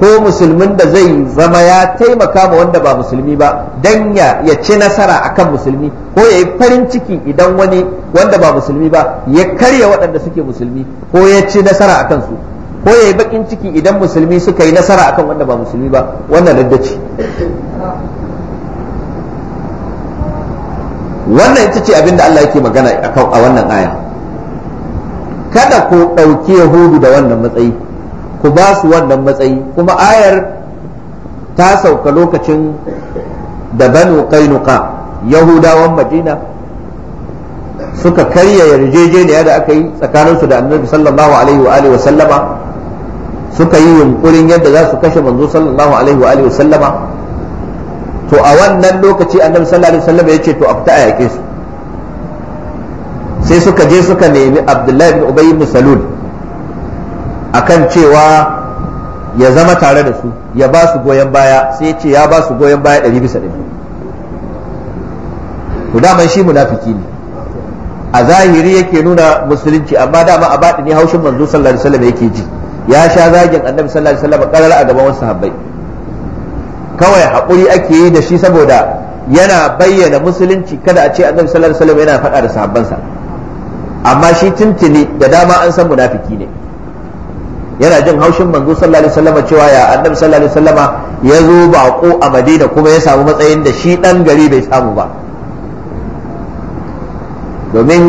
ko musulmin da zai zama ya taimaka ma wanda ba musulmi ba dan ya ya ci nasara akan musulmi ko ya yi farin ciki idan wani wanda ba musulmi ba ya karya waɗanda suke musulmi ko ya ci nasara akan su ko ya yi bakin ciki idan musulmi suka yi nasara akan wanda ba musulmi ba wannan raddaci wannan ita ce abin da Allah yake magana a wannan aya kada ku ɗauki yahudu da wannan matsayi ku ba su wannan matsayi kuma ayar ta sauka lokacin da banu kainuka yahudawan madina suka karya yarjejeniya da aka yi tsakaninsu da annabi sallallahu alaihi wa alihi sallama suka yi yunkurin yadda za su kashe manzo sallallahu alaihi wa alihi sallama to a wannan lokaci annabi sallallahu alaihi wa ya ce to a fita a yake su sai suka je suka nemi abdullahi bin ubay bin salul akan cewa ya zama tare da su ya ba su goyon baya sai ce ya ba su goyon baya ɗari bisa ɗari Ku daman shi munafiki ne a zahiri yake nuna musulunci amma dama a baɗi ne haushin manzo sallallahu alaihi wasallam yake ji ya sha zagin annabi sallallahu alaihi wasallam karar a gaban wasu habbai kawai haƙuri ake yi da shi saboda yana bayyana musulunci kada a ce annabi sallallahu alaihi wasallam yana faɗa da sahabbansa amma shi tuntuni da dama an san munafiki ne yana jin haushin manzo sallallahu alaihi wasallam cewa ya annabi sallallahu alaihi wasallama ya zo bako a Madina kuma ya samu matsayin da shi dan gari bai samu ba domin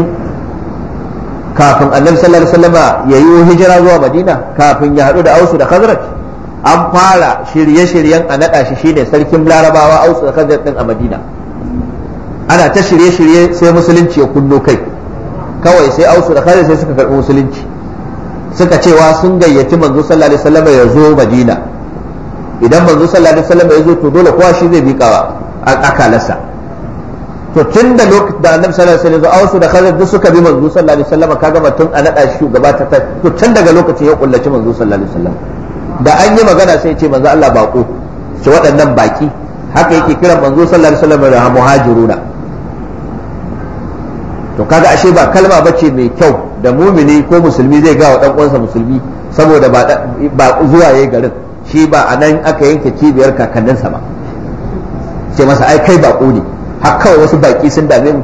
kafin annabi sallallahu alaihi wasallama ya yi hijira zuwa Madina kafin ya haɗu da Ausu da Khazraj an fara shirye-shiryen a naɗa shi shine sarkin Larabawa Ausu da Khazraj din a Madina ana ta shirye-shirye sai musulunci ya kunno kai kawai sai Ausu da Khazraj sai suka karɓi musulunci suka cewa sun gayyaci manzo sallallahu alaihi wasallam ya zo madina idan manzo sallallahu alaihi wasallam ya zo to dole kowa shi zai bika akalarsa to tun da lokacin da annabi sallallahu alaihi wasallam ya zo da khazar duk suka bi manzo sallallahu alaihi wasallam kaga batun a nada shi shugaba ta to tun daga lokacin ya kullaci manzo sallallahu alaihi wasallam da an yi magana sai ya ce manzo Allah bako ce waɗannan baki haka yake kiran manzo sallallahu alaihi wasallam da muhajiruna to kaga ashe ba kalma bace mai kyau da mumini ko musulmi zai gawa dan uwansa musulmi saboda ba zuwa yayi garin shi ba a nan aka yanke cibiyar kakanninsa ba sai masa ai kai bako ne har kawai wasu baki sun dame mu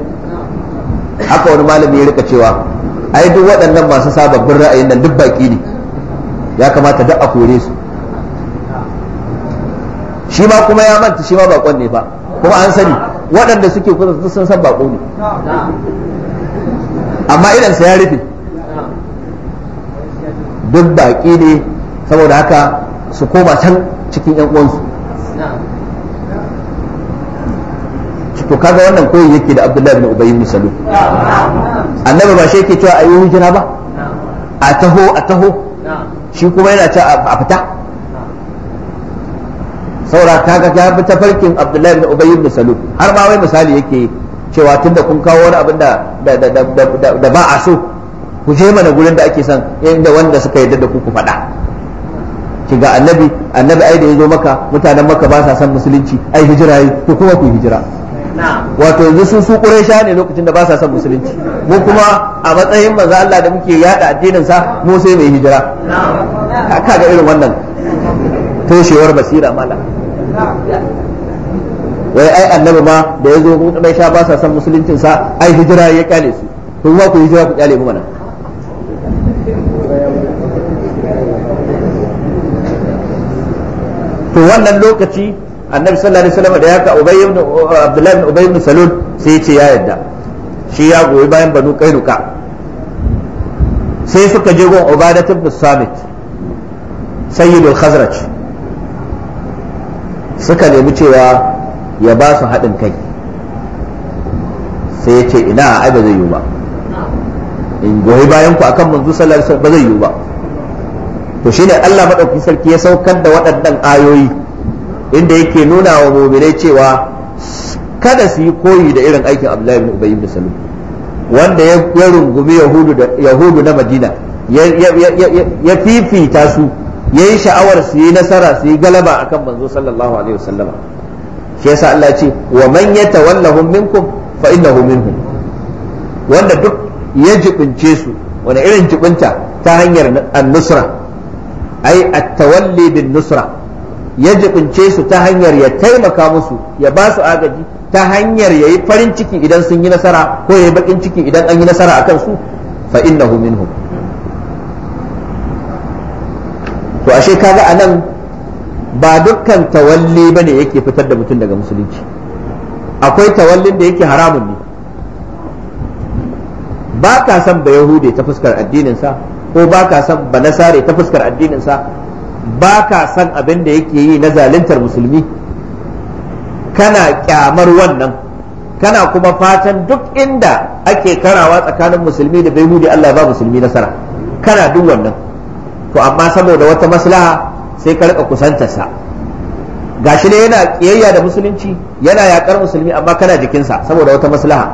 haka wani malami ya rika cewa ai duk waɗannan masu sababbin ra'ayin nan duk baki ne ya kamata duk a kore su shi ma kuma ya manta shi ma bakon ne ba kuma an sani waɗanda suke kusa sun san bako ne amma idan sa ya rufe duk baƙi ne saboda haka su koma can cikin yan uwansu to kaga wannan koyi yake da abdullahi bin ubayy bin salul annabi ba shi yake cewa a yi hijira ba a taho a taho shi kuma yana ta a fita saura kaga ta bi tafarkin abdullahi bin ubayy bin salul har ma wai misali yake cewa tunda kun kawo wani abin da da ba a so ku je mana gurin da ake son inda wanda suka yarda da ku ku faɗa ki ga annabi annabi ai da ya zo maka mutanen maka ba sa son musulunci ai hijira yi ku kuma ku hijira wato yanzu su su quraisha ne lokacin da ba sa son musulunci mu kuma a matsayin manzo Allah da muke yada addinin sa mu sai mai hijira ga irin wannan toshewar basira mala wai ai annabi ma da ya zo kuma sha ba sa son musuluncin sa ai hijira ya kyale su to kuma ku hijira ku kyale mu mana to wannan lokaci annabi sallallahu alaihi wasallam da yaka ubay ibn uh, abdullah ibn ubay ibn salul sai ya ce ya yadda shi ya goyi bayan banu kairuka sai suka je gon ubadat ibn samit sayyidul khazraj suka nemi cewa ya ba su haɗin kai sai ya ce ina ai ba zai yiwu ba in goyi bayan ku akan manzo sallallahu alaihi wasallam ba zai yiwu ba to shine Allah madaukakin sarki ya saukar da waɗannan ayoyi inda yake nuna wa mu'minai cewa kada su yi koyi da irin aikin Abdullahi ibn Ubay ibn Salul wanda ya rungumi Yahudu na Madina ya fifita su ya yi sha'awar su yi nasara su yi galaba akan manzo sallallahu alaihi wasallama shi yasa Allah ce wa man yatawallahum minkum fa innahu minhum wanda duk ya jibince su wani irin jibinta ta hanyar annusra ai a tawalli bin nusra ya jibince su ta hanyar ya taimaka musu ya ba su agaji ta hanyar ya yi farin ciki idan sun yi nasara ko ya yi bakin ciki idan an yi nasara a kansu fa innahu minhum to ashe kaga anan ba dukkan tawalli bane yake fitar da mutum daga musulunci akwai tawallin da yake haramun ne ba ka san da yahude ta fuskar addininsa ko ba ka san ba na sare ta fuskar addininsa ba ka san abin da yake yi na zaluntar musulmi kana kyamar wannan kana kuma fatan duk inda ake karawa tsakanin musulmi da bai Allah ba musulmi nasara kana duk wannan to amma saboda wata maslaha sai ka rika kusantarsa gashi ne yana kiyayya da musulunci yana yakar musulmi amma kana jikinsa saboda wata maslaha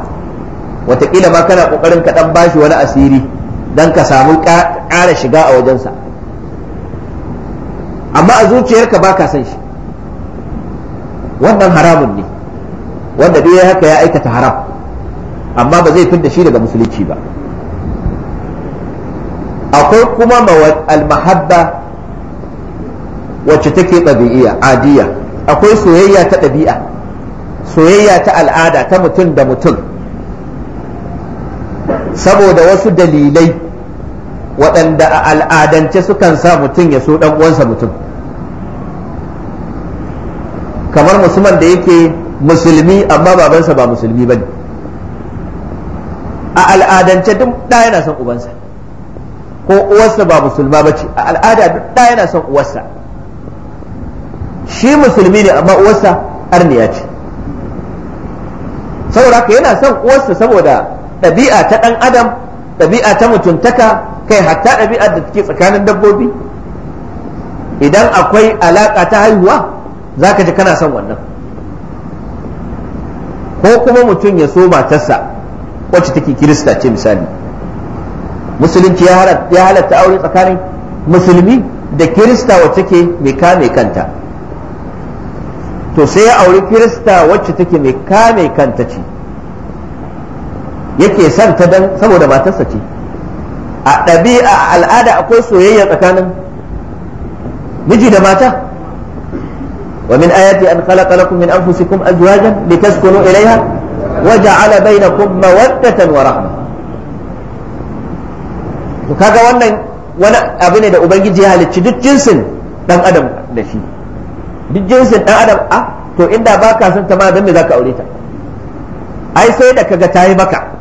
wataƙila ma kana kokarin ka dan bashi wani asiri don ka samu ƙara shiga a wajensa amma a zuciyarka ba ka san shi wannan haramun ne wanda duk ya haka ya aikata haram amma ba zai fidda shi daga musulunci ba akwai kuma almahabba wacce take ɗabi'iya adiya akwai soyayya ta ɗabi'a soyayya ta al'ada ta mutum da mutum saboda wasu dalilai waɗanda a al'adance sukan sa mutum ya so ɗan uwansa mutum kamar musulman da yake musulmi amma babansa ba musulmi ba ne a al'adance duk ɗa yana son ubansa ko uwarsa ba musulma ba ce a al'ada duk ɗa yana son uwarsa shi musulmi ne amma uwarsa arniya ce saboda haka yana son uwarsa saboda ɗabi'a ta ɗan adam ɗabi'a ta mutuntaka kai hatta ɗabi'ar da take tsakanin dabbobi idan akwai alaƙa ta haihuwa za ka ji kana son wannan ko kuma mutum ya so matarsa wacce take kirista ce misali musulunci ya halatta aure tsakanin musulmi da kirista wacce take mai kame kanta to sai ya auri kirista wacce take mai kame kanta ce yake son ta dan saboda matarsa ce a ɗabi'a al'ada akwai soyayya tsakanin miji da mata wa min ayati an khalaqa lakum min anfusikum azwajan litaskunu ilayha wa ja'ala bainakum mawaddatan wa rahma to kaga wannan wani abu ne da ubangiji ya halicci duk jinsin dan adam da shi duk jinsin dan adam a to inda baka son ta ma dan me zaka aure ta ai sai da kaga tayi maka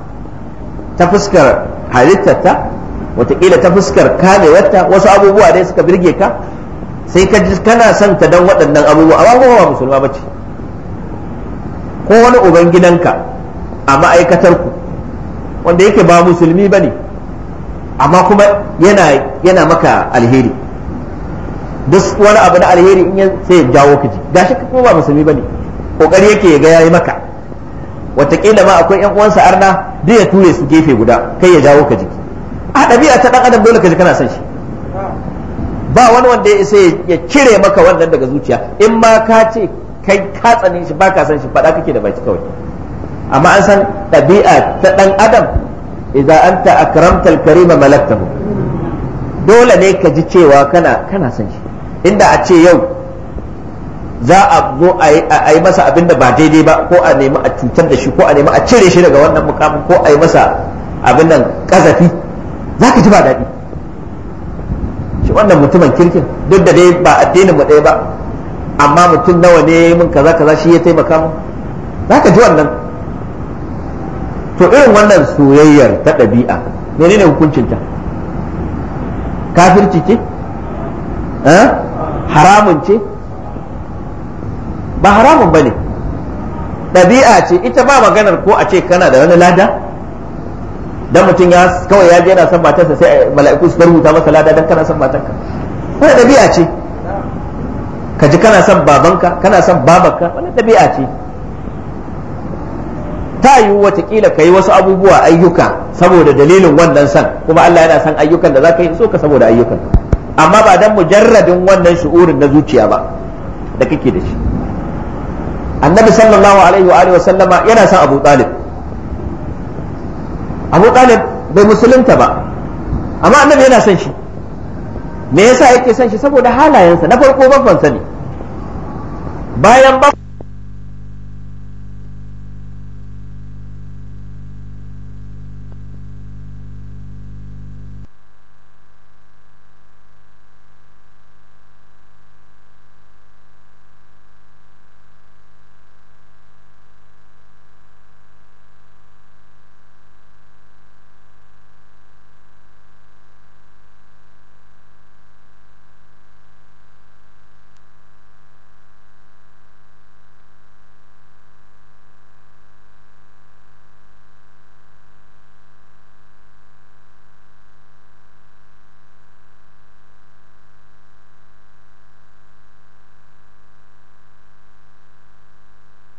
ta fuskar halittata. wataƙila ta fuskar kamewarta wasu abubuwa dai suka birge ka sai ka ji kana son ta don waɗannan abubuwa amma kuma ba musulma ba ce ko wani gidanka a ma'aikatar ku wanda yake ba musulmi ba ne amma kuma yana yana maka alheri duk wani abu na alheri in sai ya jawo ka ji gashi kuma ba musulmi ba ne kokari yake ya ga yayi maka wataƙila ma akwai 'yan uwansa arna duk ya ture su gefe guda kai ya jawo ka jiki a ɗabi'a ta ɗan adam dole ka ji kana son shi ba wani wanda ya isa ya cire maka wannan daga zuciya in ma ka ce kai ka tsani shi ba ka san shi faɗa kake da baki kawai amma an san ɗabi'a ta ɗan adam idan anta akramta karamtar karima malaktahu dole ne ka ji cewa kana kana son shi inda a ce yau za a zo a yi masa abin da ba daidai ba ko a nemi a cutar da shi ko a nemi a cire shi daga wannan mukamin ko a yi masa abin nan kazafi za ka ji ba daɗi shi wannan mutumin kirkin duk da dai ba addinin mu ɗaya ba amma mutum nawa ne mun kaza kaza shi ya taimaka mu za ka ji wannan to irin wannan soyayyar ta ɗabi'a menene hukuncinta kafirci ce eh? haramun ce ba haramun ba ne ɗabi'a ce ita ba maganar ko a ce kana da wani lada dan mutum ya kawai ya je yana son matarsa sai mala'iku su rubuta masa lada dan kana son matarka wannan dabi'a ce ka ji kana son babanka kana son babanka wannan dabi'a ce ta yiwu watakila ka yi wasu abubuwa ayyuka saboda dalilin wannan san kuma Allah yana san ayyukan da za ka yi so ka saboda ayyukan amma ba dan mujarradin wannan shu'urin na zuciya ba da kake da shi annabi sallallahu alaihi wa alihi wa sallama yana son abu talib abu talib bai musulunta ba amma annabi yana son shi me yasa yake son shi saboda halayensa na farko babban sani bayan babban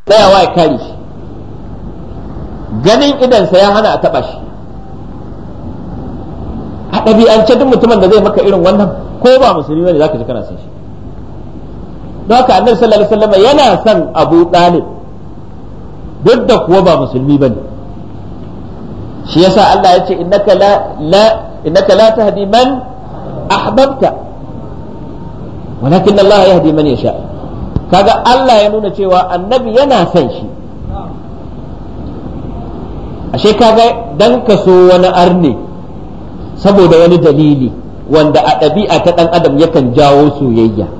tsayawa ya kare shi ganin idansa ya hana a taɓa shi a ɗabi'ance duk mutumin da zai maka irin wannan ko ba musulmi bane zaka ji kana son shi don haka annabi sallallahu alaihi wasallam yana son Abu Talib duk da kuwa ba musulmi bane shi yasa Allah ya ce innaka la la innaka la tahdi man ahbabta walakin Allah yahdi man yasha kaga Allah ya nuna cewa annabi yana son shi ashe kaga dan ka so wani arne saboda wani dalili wanda a ɗabi'a ta ɗan adam yakan jawo soyayya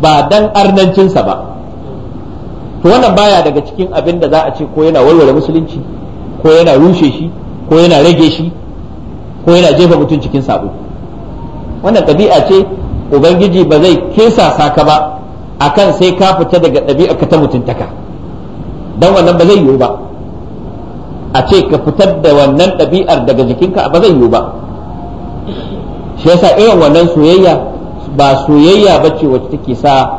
ba dan arnancinsa ba to wannan baya daga cikin abin da za a ce ko yana warware musulunci ko yana rushe shi ko yana rage shi ko yana jefa mutum cikin sabo wannan ɗabi'a ce ubangiji ba zai kesa saka ba akan sai ka fita daga ɗabi'a ka ta mutuntaka don wannan ba zai yiwu ba a ce ka fitar da wannan ɗabi'ar daga jikinka ba zai yiwu ba shi yasa irin wannan soyayya ba soyayya ba ce wacce take sa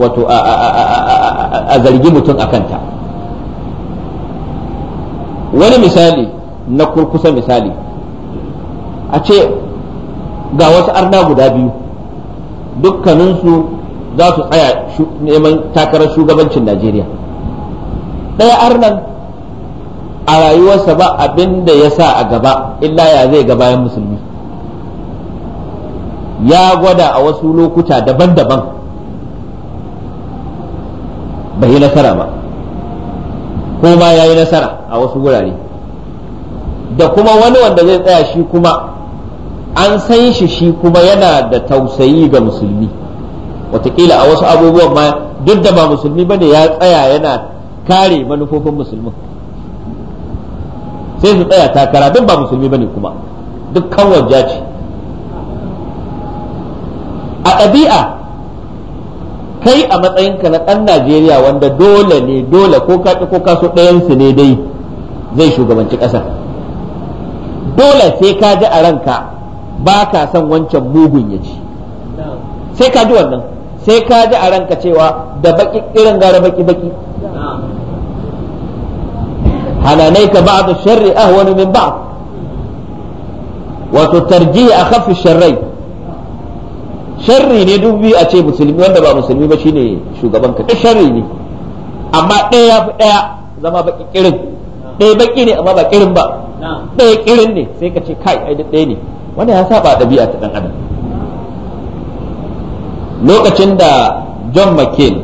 wato a zargi mutum a kanta wani misali na kurkusa misali a ce ga wasu arna guda biyu dukkaninsu za su tsaya neman takarar shugabancin najeriya ɗaya arnan a rayuwarsa ba abin da ya sa a gaba illa ya zai ga bayan musulmi ya gwada a wasu lokuta daban-daban bai yi nasara ba ko ma ya yi nasara a wasu wurare da kuma wani wanda zai tsaya shi kuma an san shi shi kuma yana da tausayi ga musulmi watakila a wasu abubuwan ma duk da ba musulmi bane ya tsaya yana kare manufofin musulmin sai su tsaya takara duk ba musulmi bane kuma duk kawar ce a ɗabi'a kai a matsayinka na ɗan Najeriya wanda dole ne dole ko kaɗi ko kaso ɗayansu ne dai zai shugabanci ƙasar dole sai ka ji a ranka ba ka son wancan mugun ya ci sai ka ji wannan sai ka ji a ranka cewa da baki irin gara baki baki hananaika da sharri wani min ba. wato a kafin sharrai sharri ne dubi a ce musulmi wanda ba musulmi ba shine shugaban ka sharri ne amma ɗaya ya fi ɗaya zama baki kirin ɗaya baki ne amma ba kirin ba ɗaya kirin ne sai ka ce kai ai ɗaya ne wanda ya saba ɗabi'a ta ɗan adam lokacin da john mccain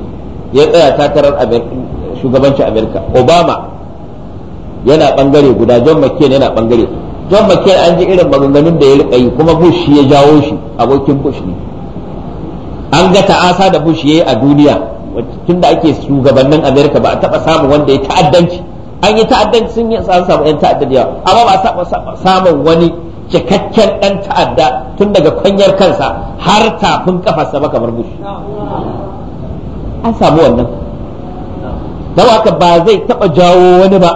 ya tsaya takarar shugabancin amerika obama yana bangare guda john mccain yana bangare john mccain an ji irin maganganun da ya rika yi kuma bush ya jawo shi abokin bush ne an ga ta'asa da bush ya yi a duniya tun da ake shugabannin amerika ba a taba samun wanda ya ta'addanci an yi ta'addanci sun yi samun yan ta'addanci amma ba a samun wani cikakken ɗan ta'adda tun daga kwanyar kansa har tafin kafarsa ba kamar bush an samu wannan don haka ba zai taɓa jawo wani ba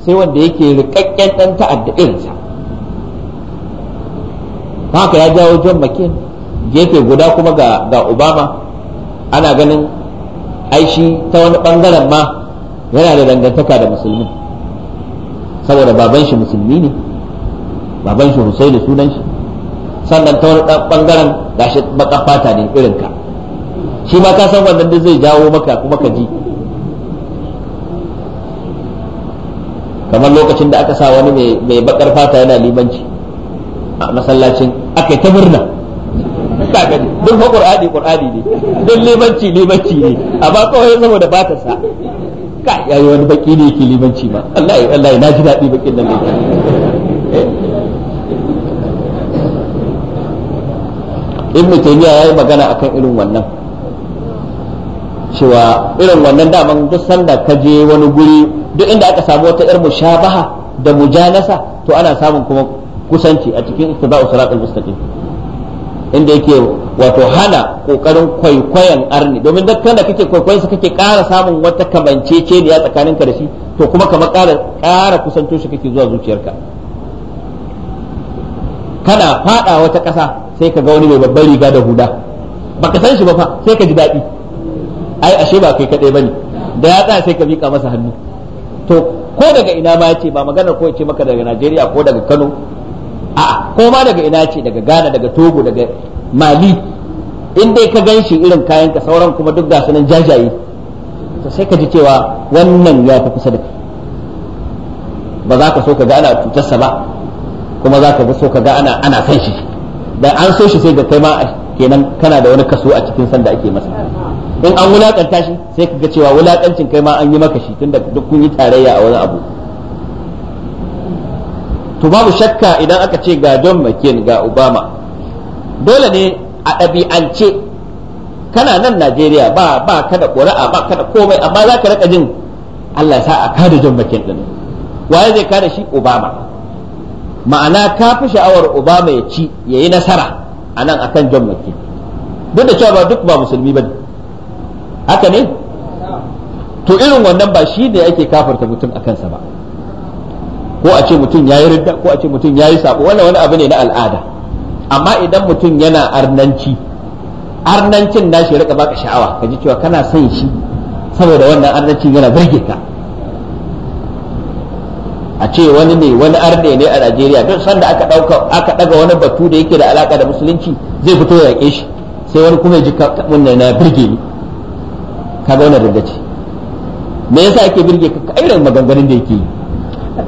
sai wanda yake rikakken ɗan ta'adda irinsa haka ya jawo john mccain gefe guda kuma ga obama ana ganin aishi ta wani ɓangaren ma yana da dangantaka da musulmi saboda baban shi musulmi ne baban shi da sunan shi sannan ta wani bangaren gashi baka fata ne irin ka shi ma ka san wannan duk zai jawo maka kuma ka ji kamar lokacin da aka sa wani mai bakar fata yana limanci a masallacin aka yi ta murna duk ma ƙur'ani ƙur'ani ne duk limanci limanci ne amma kawai saboda ba ta sa ka yayi wani baki ne yake limanci ma Allah Allah na ji daɗi bakin nan ne eh. ibnu taymiya yayi magana akan irin wannan cewa irin wannan daman duk sanda ka je wani guri duk inda aka samu wata yar mushabaha da mujanasa to ana samun kuma kusanci a cikin ittiba'u siratal mustaqim inda yake wato hana kokarin kwaikwayon arni domin duk kanda kake kwaikwayon sa kake ƙara samun wata tsakanin tsakaninka da shi to kuma kamar ƙara ƙara kusantoshi kake zuwa zuciyarka kana faɗa wata ƙasa sai ka ga wani mai babban riga da huda baka san shi ba fa sai ka ji daɗi ai ashe ba kai kadai bane da ya tsaya sai ka miƙa masa hannu to ko daga ina ma yace ba maganar ko yace maka daga Najeriya ko daga Kano a ko ma daga ina ce daga Ghana daga Togo daga Mali in dai ka ganshi irin kayan ka sauran kuma duk da sunan jajaye to sai ka ji cewa wannan ya fi kusa da ba za ka so ka ga ana cutarsa ba kuma za ka so ka ga ana ana san shi da an so shi sai ga kai ma kenan kana da wani kaso a cikin sanda ake masa in an wulakanta shi sai ka ga cewa wulakancin kai ma an yi maka shi tunda duk kun yi tarayya a wani abu to babu shakka idan aka ce ga John McCain ga Obama dole ne a ɗabi'ance kana nan Najeriya ba ba kada ƙuri'a ba kada komai amma za ka raka jin Allah ya sa a kada John McCain din waye zai kada shi Obama ma'ana ka fi sha'awar obama ya ci ya yi nasara a nan akan john mccain duk da cewa duk ba musulmi ba ne haka ne to irin wannan ba shi ne ake kafarta mutum a kansa ba ko a ce mutum ya yi ridda ko a ce mutum ya yi sabo wannan wani abu ne na al'ada amma idan mutum yana arnanci arnancin nashi ya rika baka sha'awa ka ji cewa kana son shi saboda wannan arnancin yana birge ka a ce wani ne wani arne ne a Najeriya duk sanda aka dauka aka daga wani batu da yake da alaka da musulunci zai fito ya yake shi sai wani kuma ji wannan na birge ni kaga wannan rigaci me yasa ake birge ka irin maganganun da yake yi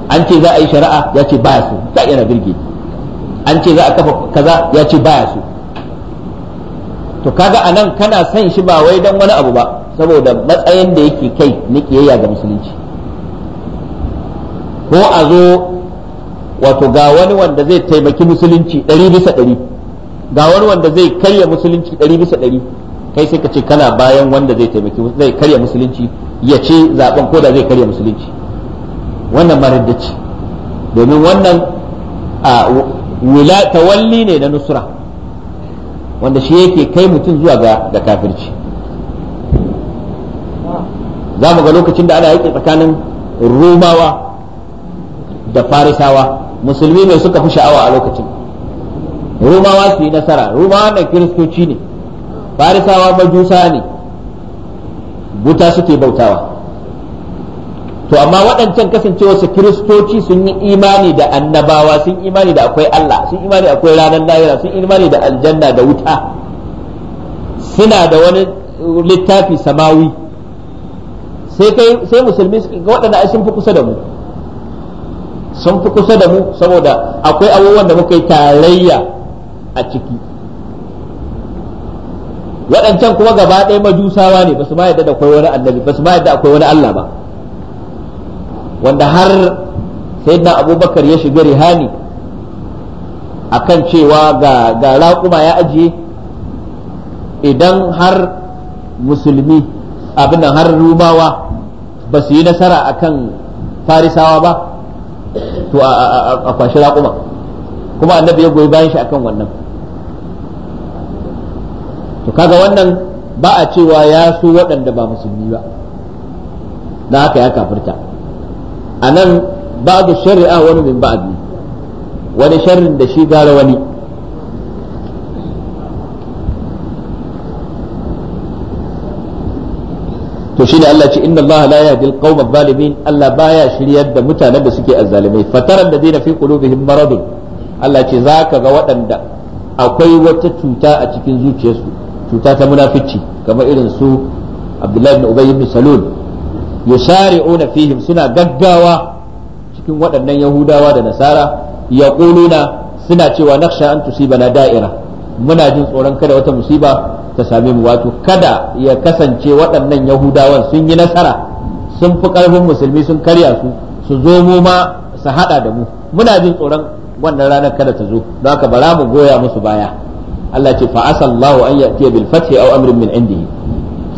an ce za a yi shari'a ya ce baya so ta yana birge an ce za a kafa kaza ya ce baya so to kaga anan kana son shi ba wai dan wani abu ba saboda matsayin da yake kai ni kiyayya ga musulunci ko a zo wato ga wani wanda zai taimaki musulunci ɗari bisa ɗari ga wani wanda zai karya musulunci ɗari bisa ɗari kai sai ka ce kana bayan wanda zai taimaki zai karya musulunci ya ce zaɓen ko da zai karya musulunci wannan ce domin wannan wula tawalli ne na nusra wanda shi yake kai mutum zuwa ga kafirci za mu ga lokacin da ana yake tsakanin rumawa da farisawa musulmi mai suka fi sha'awa a lokacin rumawa su yi nasara rumawa da kiristoci ne farisawa majusa ne buta suke bautawa to amma waɗancan kasancewarsa kiristoci sun yi imani da annabawa sun imani da akwai Allah sun imani da akwai ranar lahira sun imani da aljanna da wuta suna da wani littafi samawi sai musulmi waɗanda sun fi kusa da mu sun fi kusa da mu saboda akwai abubuwan da muka yi tarayya a ciki waɗancan kuma gaba ɗaya majusawa ne ba su ma yadda da akwai wani annabi ba ma yadda akwai wani Allah ba wanda har sai na abubakar ya shiga rihani a kan cewa ga raƙuma ya ajiye idan har musulmi abin har rumawa ba su yi nasara a kan farisawa ba to a kwashi raƙuma kuma annabi ya goyi bayan shi akan wannan to kaga wannan ba a cewa ya so waɗanda ba musulmi ba na haka ya kafirta a nan da shari'a wani min ba'adi wani sharrin da shi gara wani to shine Allah ce inna Allah la yahdi al-qawma Allah baya shiryar da mutanen da suke azzalimai fataran da dina fi qulubihim maradun Allah ce zaka ga waɗanda akwai wata cuta a cikin zuciyarsu cuta ta munafici kamar irin su Abdullahi ibn Ubay ibn Salul yusari'una fihim suna gaggawa cikin waɗannan Yahudawa da Nasara yaquluna suna cewa nakhsha an tusibana da'ira muna jin tsoron kada wata musiba ta same mu wato kada ya kasance waɗannan yahudawan sun yi nasara sun fi ƙarfin musulmi sun karya su su zo mu ma su haɗa da mu muna jin tsoron wannan ranar kada ta zo don haka bara mu goya musu baya Allah ce fa asallahu an ya'tiya bil fathi aw amrin min indihi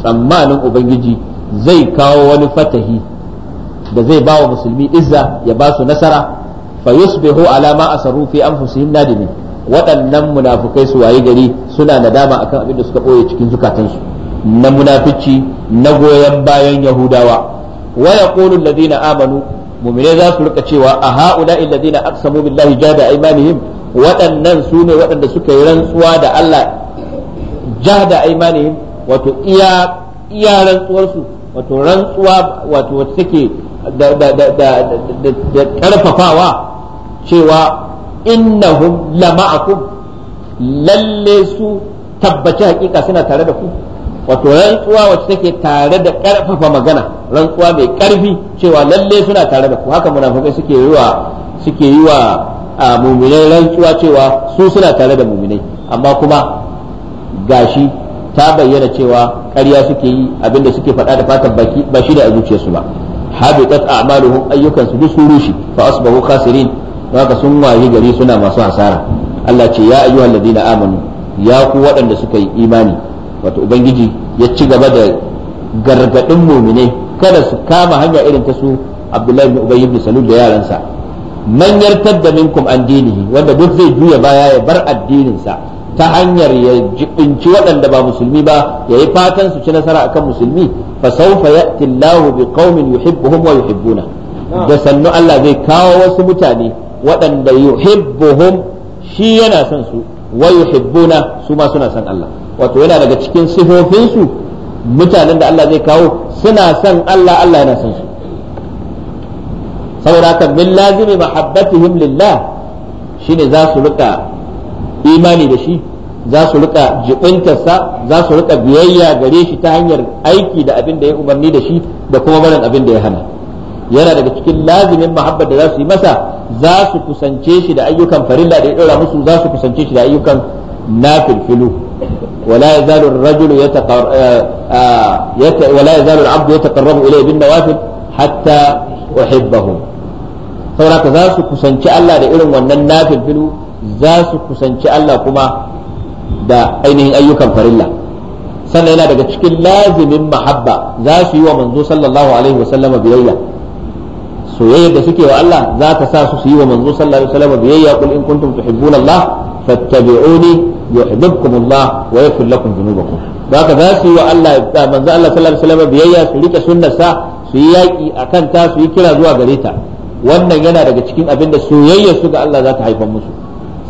tsammanin ubangiji zai kawo wani fatahi da zai ba wa musulmi izza ya ba su nasara fa yusbihu ala ma asaru fi anfusihim nadimin waɗannan munafukai su waye gari suna nadama akan abin da suka ɓoye cikin zukatansu na munafici na goyon bayan yahudawa wa yaqulu alladhina amanu mu'mine za su rika cewa a haula alladhina aqsamu billahi jada aymanihim waɗannan su ne waɗanda suka yi rantsuwa da Allah jada aymanihim wato iya iya rantsuwarsu wato rantsuwa wato wacce da da da da karfafawa cewa innahum ma'akum lalle su tabbaci hakika suna tare da ku wato rantsuwa wacce take tare da karfafa magana rantsuwa mai karfi cewa lalle suna tare da ku haka munafikai suke yi wa suke yi muminai rantsuwa cewa su suna tare da muminai amma kuma gashi ta bayyana cewa ƙarya suke yi abinda suke faɗa da fatan baki ba shi da a zuciyarsu ba habitat a'maluhum ayyukan su duk su rushe fa asbahu khasirin haka sun waye gari suna masu hasara Allah ce ya ayyuhal ladina amanu ya ku waɗanda suka yi imani wato ubangiji ya ci gaba da gargadin mumine kada su kama hanya irin ta su Abdullahi ibn Ubay ibn Salul da yaransa man yartadda minkum an dinihi wanda duk zai juya baya ya bar addinin sa ta hanyar ya jibinci waɗanda ba musulmi ba ya yi fatan su ci nasara akan musulmi fa sawfa ya'ti Allahu bi qaumin yuhibbuhum wa yuhibbuna da sannu Allah zai kawo wasu mutane waɗanda yuhibbuhum shi yana son su wa yuhibbuna su ma suna son Allah wato yana daga cikin sifofin su mutanen da Allah zai kawo suna son Allah Allah yana son su saboda haka min lazimi mahabbatihim lillah shine za su rika imani da shi za su rika jibintarsa za su rika biyayya gare shi ta hanyar aiki da abin da ya umarni da shi da kuma barin abin da ya hana yana daga cikin lazimin mahabbar da za su yi masa za su kusance shi da ayyukan farilla da ya dora musu za su kusance shi da ayyukan nafilfilu ولا يزال الرجل يتقر... ولا يزال العبد يتقرب إليه بالنوافل حتى أحبه sauraka za su kusanci Allah da irin wannan nafilfilu za su kusanci Allah kuma da ainihin ayyukan farilla sannan yana daga cikin lazimin mahabba za su yi wa manzo sallallahu alaihi wasallama biyayya soyayyar da suke wa Allah za ta sa su su yi wa manzo sallallahu alaihi wasallam biyayya kul in kuntum tuhibbuna Allah fattabi'uni yuhibbukum Allah wa yaghfir lakum dhunubakum haka za su yi wa Allah manzo Allah sallallahu alaihi wasallam biyayya su rike sunnar sa su yi yaki akan ta su yi kira zuwa gare ta wannan yana daga cikin abin da soyayyar su ga Allah za ta haifar musu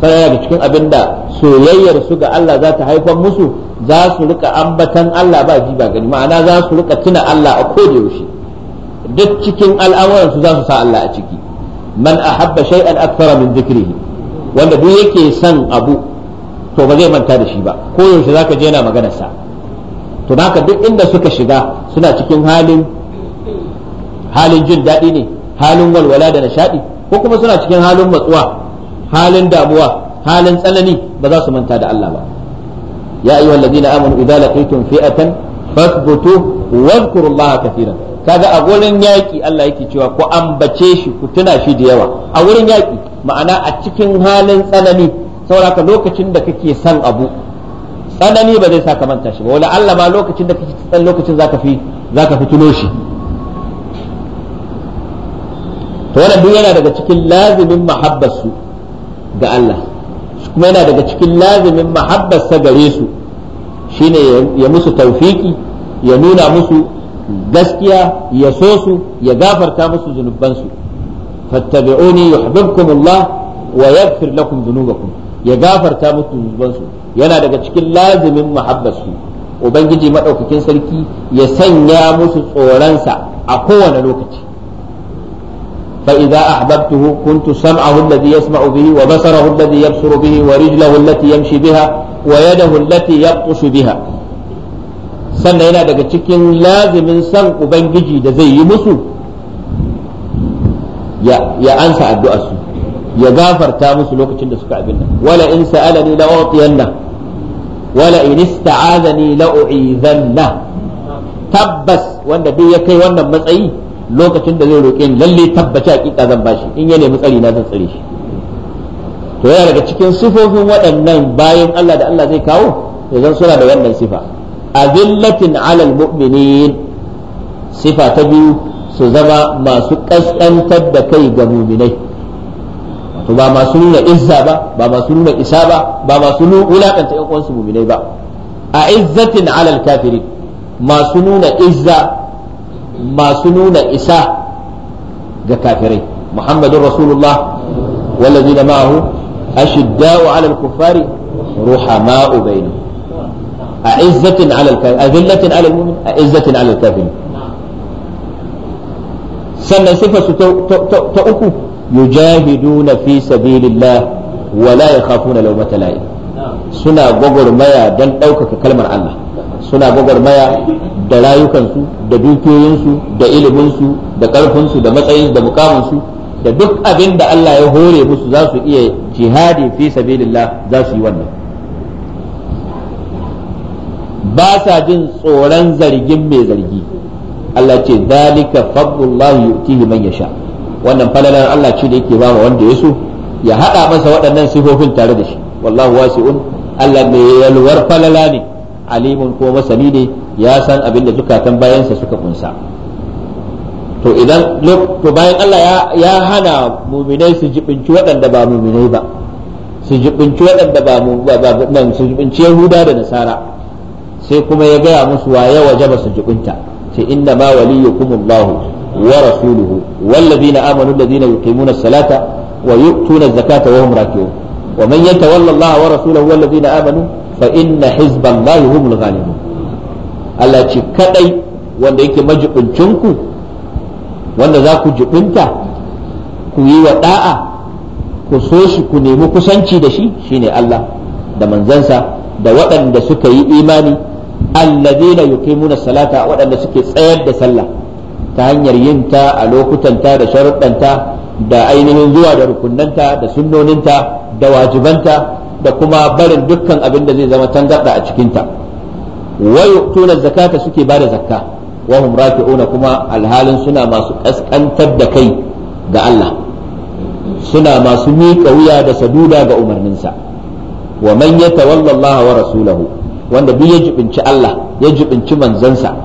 sai daga cikin abin da soyayyar su ga Allah za ta haifar musu za su rika ambatan Allah ba ji ba gani ma'ana za su rika tuna Allah a koda yaushe duk cikin al'amuran su za su sa Allah a ciki man ahabba shay'an akthara min dhikrihi wanda duk yake son abu to ba zai manta da shi ba ko yaushe zaka je yana maganarsa? sa to haka duk inda suka shiga suna cikin halin halin jin daɗi ne halin walwala da nishaɗi ko kuma suna cikin halin matsuwa halin damuwa halin tsanani ba za su manta da Allah ba ya ayyuhallazina amanu idza laqitum fi'atan fasbutu wadhkurullaha katiran kaga a gurin yaƙi Allah yake cewa ku ambace shi ku tuna shi da yawa a gurin yaƙi ma'ana a cikin halin tsanani saboda lokacin da kake san abu tsanani ba zai sa ka manta shi ba wala Allah ma lokacin da kake tsan lokacin zaka fi zaka fi shi to wannan duk yana daga cikin lazimin mahabbar su ga Allah kuma yana daga cikin lazimin mahabbar sa gare su shine ya musu tawfiki ya nuna musu gaskiya ya so su ya gafarta musu zunubansu fattabi'uni yuhibbukum Allah wa yaghfir lakum dhunubakum ya gafarta musu zunubansu yana daga cikin lazimin mahabbasu ubangiji madaukakin sarki ya sanya musu tsoronsa a kowane lokaci فإذا أحببته كنت سمعه الذي يسمع به وبصره الذي يبصر به ورجله التي يمشي بها ويده التي يبطش بها sannan yana daga cikin lazimin san ubangiji da zai yi musu ya ansa su, ya gafarta musu lokacin da suka abin wala in sa'alani la u'tiyanna wala in ista'azani la u'izanna tabbas wanda duk ya kai wannan matsayi lokacin da zai roƙe ni lalle tabbaci hakika zan bashi in ya nemi tsari na zan tsare shi to yana daga cikin sifofin waɗannan bayan Allah da Allah zai kawo to zan suna da wannan sifa azillatin alal mu'minin sifa ta biyu su zama masu ƙasƙantar da kai ga muminai to ba masu nuna izza ba ba masu nuna isa ba ba masu wulakanta yan uwansu muminai ba a izzatin alal kafiri masu nuna izza masu nuna isa ga kafirai muhammadun rasulullah wallazina ma'ahu ashidda'u alal kuffari ruhama'u bainahum أعزة على الكافر أذلة على المؤمن أعزة على الكافر سنة صفة تأكو يجاهدون في سبيل الله ولا يخافون لومة لائم سنة غغر ميا دن أوكك كلمة الله suna gwagwarmaya da rayukansu da dukiyoyinsu da iliminsu da ƙarfinsu da matsayinsu da mukaminsu da duk abin da Allah ya hore musu za su iya jihadi fi sabilillah za su yi wannan ba sa jin tsoron zargin mai zargi Allah ce dalika fadlullahi yu'tihi man yasha wannan falalan Allah ce da yake bawa wanda ya so ya hada masa waɗannan sifofin tare da shi wallahu wasi'un Allah mai yalwar falala ne alimun ko masani ne ya san abin da zukatan bayansa suka kunsa to idan to bayan Allah ya hana muminai su jibinci waɗanda ba muminai ba su jibinci waɗanda ba nan su jibinci Yahuda da Nasara sai kuma ya gaya musu waye wajaba su jibinta ce inna ma waliyukumullahu wa rasuluhu wallazina amanu allazina yuqimuna as-salata wa yu'tuna az-zakata wa hum raki'un wa man yatawalla Allah wa rasulahu wallazina amanu fa inna hizballahi humul ghalibun Allah ce kadai wanda yake majibincinku wanda za ku jibinta ku yi wa da'a ku so shi ku nemi kusanci da shi shine Allah da manzansa da waɗanda suka yi imani allazina yuqimuna salata waɗanda suke tsayar da sallah ta hanyar yin ta a lokutanta da sharuɗanta da ainihin zuwa da rukunnanta da sunnoninta da wajibanta da kuma barin dukkan abin da zai zama tangarda a cikinta wa yu'tuna zakata suke ba da zakka wa hum raki'una kuma alhalin suna masu kaskantar da kai ga Allah suna masu miƙa wuya da saduda ga umarninsa wa man yatawalla Allah wa rasulahu wanda duk ya jibinci Allah ya jibinci manzansa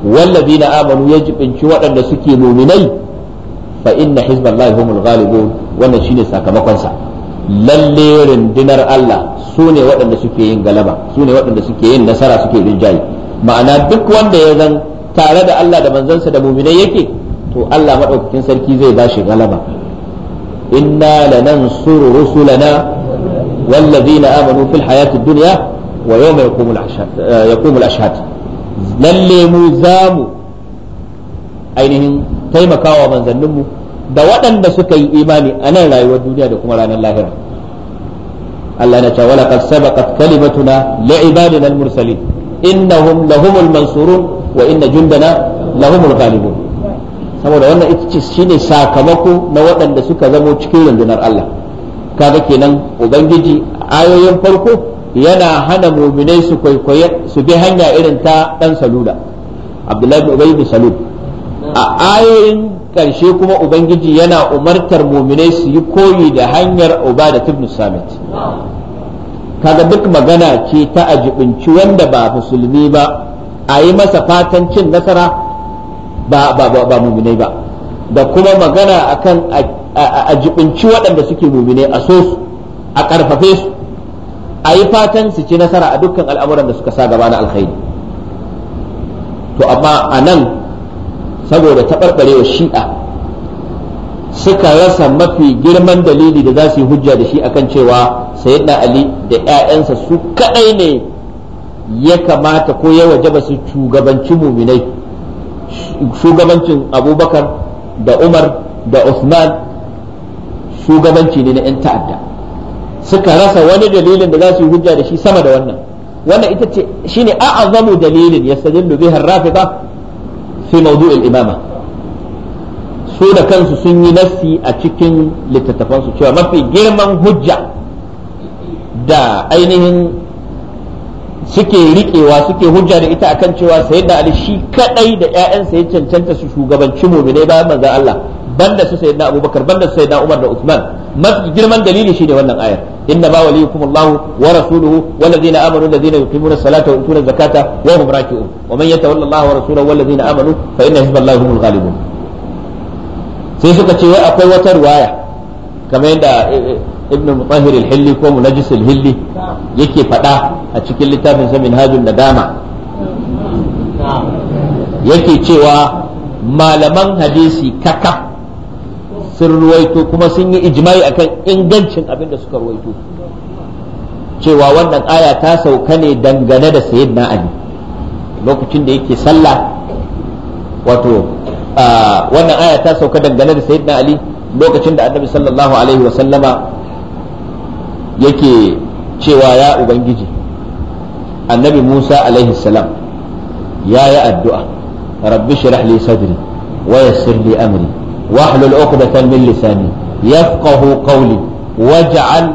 wallabi na amanu ya jibinci waɗanda suke muminai fa inna hizballahi humul ghalibun wannan shine sakamakonsa lalle rundunar Allah sune waɗanda suke yin galaba sune waɗanda suke yin nasara suke rinjaye ma'ana duk wanda ya zan tare da Allah da manzansa da muminai yake to Allah madaukakin sarki zai ba shi galaba inna lanansuru rusulana والذين آمنوا في الحياة الدنيا wa yawma yaqumu al-ashhad lalle mu zamu ainihin taimakawa manzanninmu da waɗanda suka yi imani a nan rayuwar duniya da kuma ranar lahira Allah na cewa laqad sabaqat kalimatuna li ibadina al-mursalin innahum lahumul mansurun wa inna jundana lahumul ghalibun saboda wannan ita ce shine sakamako na waɗanda suka zamo cikin rundunar Allah kaga kenan ubangiji ayoyin farko yana hana muminai su kwaikwaye su bi hanya irin ta ɗan saluda. abdullahi bin ubay bin salud a ayoyin ƙarshe kuma ubangiji yana umartar muminai su yi koyi da hanyar ubada ibn samit kaga duk magana ce ta ajibinci wanda ba musulmi ba a yi masa fatan cin nasara ba ba ba, da kuma magana akan ajibinci waɗanda suke muminai a so su a ƙarfafe su a yi fatan su ci nasara a dukkan al'amuran da suka sa gaba na alkhairi to amma a nan saboda taɓarɓarewa shi'a suka rasa mafi girman dalili da za su yi hujja da shi akan cewa sayyidina ali da 'ya'yansa su kaɗai ne ya kamata ko ya wajaba su shugabanci muminai shugabancin abubakar da umar da usman shugabanci ne na 'yan ta'adda suka rasa wani dalilin da za su yi hujja da shi sama da wannan wannan ita ce shine a'azamu dalilin yastadillu bihi ar-rafida fi mawdu'il imama su da kansu sun yi nassi a cikin littattafansu cewa mafi girman hujja da ainihin suke riƙewa suke hujja da ita akan cewa sayyidina ali shi kadai da ƴaƴansa ya cancanta su shugabanci mu'minai bayan manzon Allah banda su sayyidina abubakar banda su sayyidina umar da usman mafi girman dalili shine wannan ayar inna ba waliyukum allah wa rasuluhu wal ladina amanu ladina yuqimuna salata wa yutuna zakata wa hum raki'un wa man yatawalla allah wa rasuluhu wal ladina amanu fa inna hizballahi humul ghalibun sai suka ce akwai wata riwaya kamar yadda eh, eh, ibn mutahhir al-hilli ko munajjis al-hilli yake fada a cikin littafin sa minhajun nadama yake cewa malaman hadisi kaka sun ruwaito kuma sun yi ijma'i akan ingancin abin da suka ruwaito cewa wannan aya ta sauka ne dangane da sayyidina ali lokacin da yake sallah wato wannan aya ta sauka dangane da sayyidina ali lokacin da annabi sallallahu alaihi wa sallama yake cewa ya ubangiji annabi musa alaihi salam ya yi addu'a rabbi shirah li sadri wa yassir li amri واحلل عقدة من لساني يفقه قولي واجعل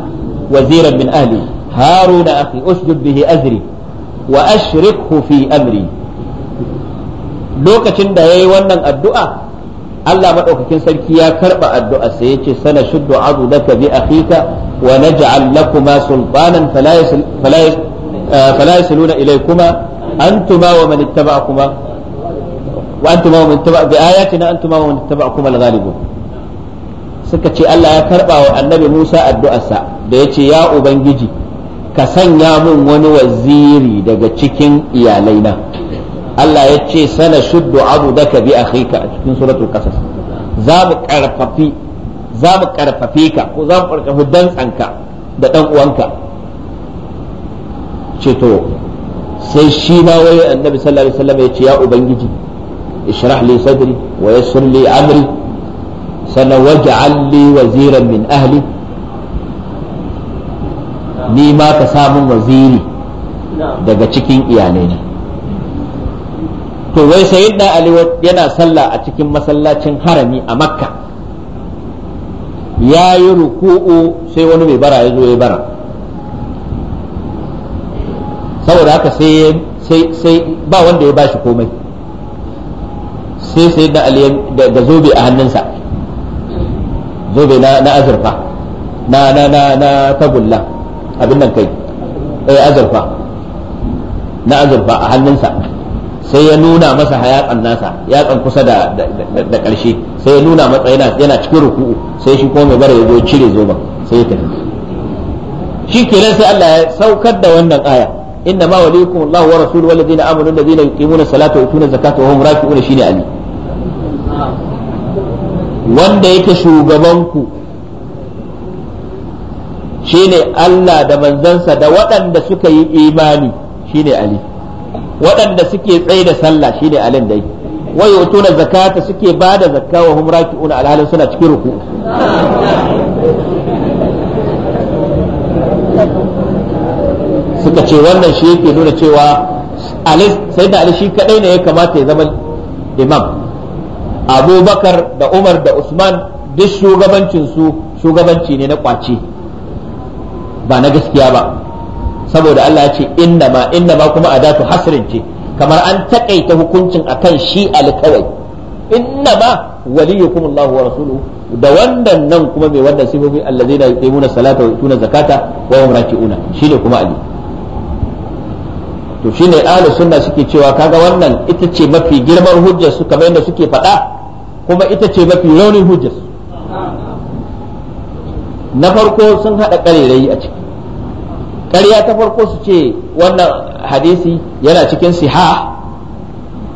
وزيرا من أهلي هارون أخي أشدد به أزري وأشركه في أمري lokacin da ya yi wannan addu'a Allah maɗaukakin sarki ya karɓa addu'a sai ya sana shuddu azu da bi akhika wa kuma lakuma sultanan fala kuma wa wa antum wa man tabi'a bi ayatina antum wa man suka ce Allah ya karba wa annabi Musa addu'arsa da yace ya ubangiji ka sanya mun wani waziri daga cikin iyalaina Allah ya ce sana shuddu ka bi akhika a cikin suratul qasas za mu karfafi za mu karfafe ka ko za mu karfafi dantsanka da dan uwanka ce to sai shi na waye annabi sallallahu alaihi wasallam ya ce ya ubangiji اشرح لي صدري ويسر لي li amri sannan waj'al li min ahli ni ma ka samun waziri daga cikin iyalaina to wai Sayyidna ali yana sallah a cikin masallacin harami a makka ya yi ruku'u sai wani mai bara ya zo ya bara saboda haka sai ba wanda ya bashi komai sai sai na da zobe a hannunsa zobe na azurfa na na na na tagulla abin nan kai eh azurfa na azurfa a hannunsa sai ya nuna masa hayakan nasa yakan kusa da da karshe sai ya nuna masa yana cikin ruku'u sai shi kuma mai bara ya zo cire zoben sai ya tafi shi kenan sai Allah ya saukar da wannan aya inna ma waliyukum Allah wa rasuluhu walladheena amanu alladheena yuqimuna salata wa yutuna zakata wa hum raki'una shine ali wanda yake shugabanku shine Allah da manzansa da waɗanda suka yi imani shine ali waɗanda suke tsaye da sallah shine alin dai wa yutuna zakata suke bada zakka wa hum raki'una alhalin suna cikin ruku suka ce wannan shi yake nuna cewa sai da ali shi kadai ne ya kamata ya zama imam abubakar da umar da usman duk shugabancinsu shugabanci ne na kwace ba na gaskiya ba saboda allah ya ce innama ma kuma a kuma hasrin ce kamar an takaita hukuncin akan shi ali kawai inna ma allah wa rasuluhu da wannan nan kuma mai wannan sifofi allazina yuqimuna salata wa yutuna zakata wa hum raki'una shine kuma ali to shine ahlus sunna suke cewa kaga wannan ita ce mafi girman hujjar su kamar yadda suke faɗa kuma ita ce mafi raunin hujjar na farko sun haɗa ƙarerayi a ciki ƙarya ta farko su ce wannan hadisi yana cikin siha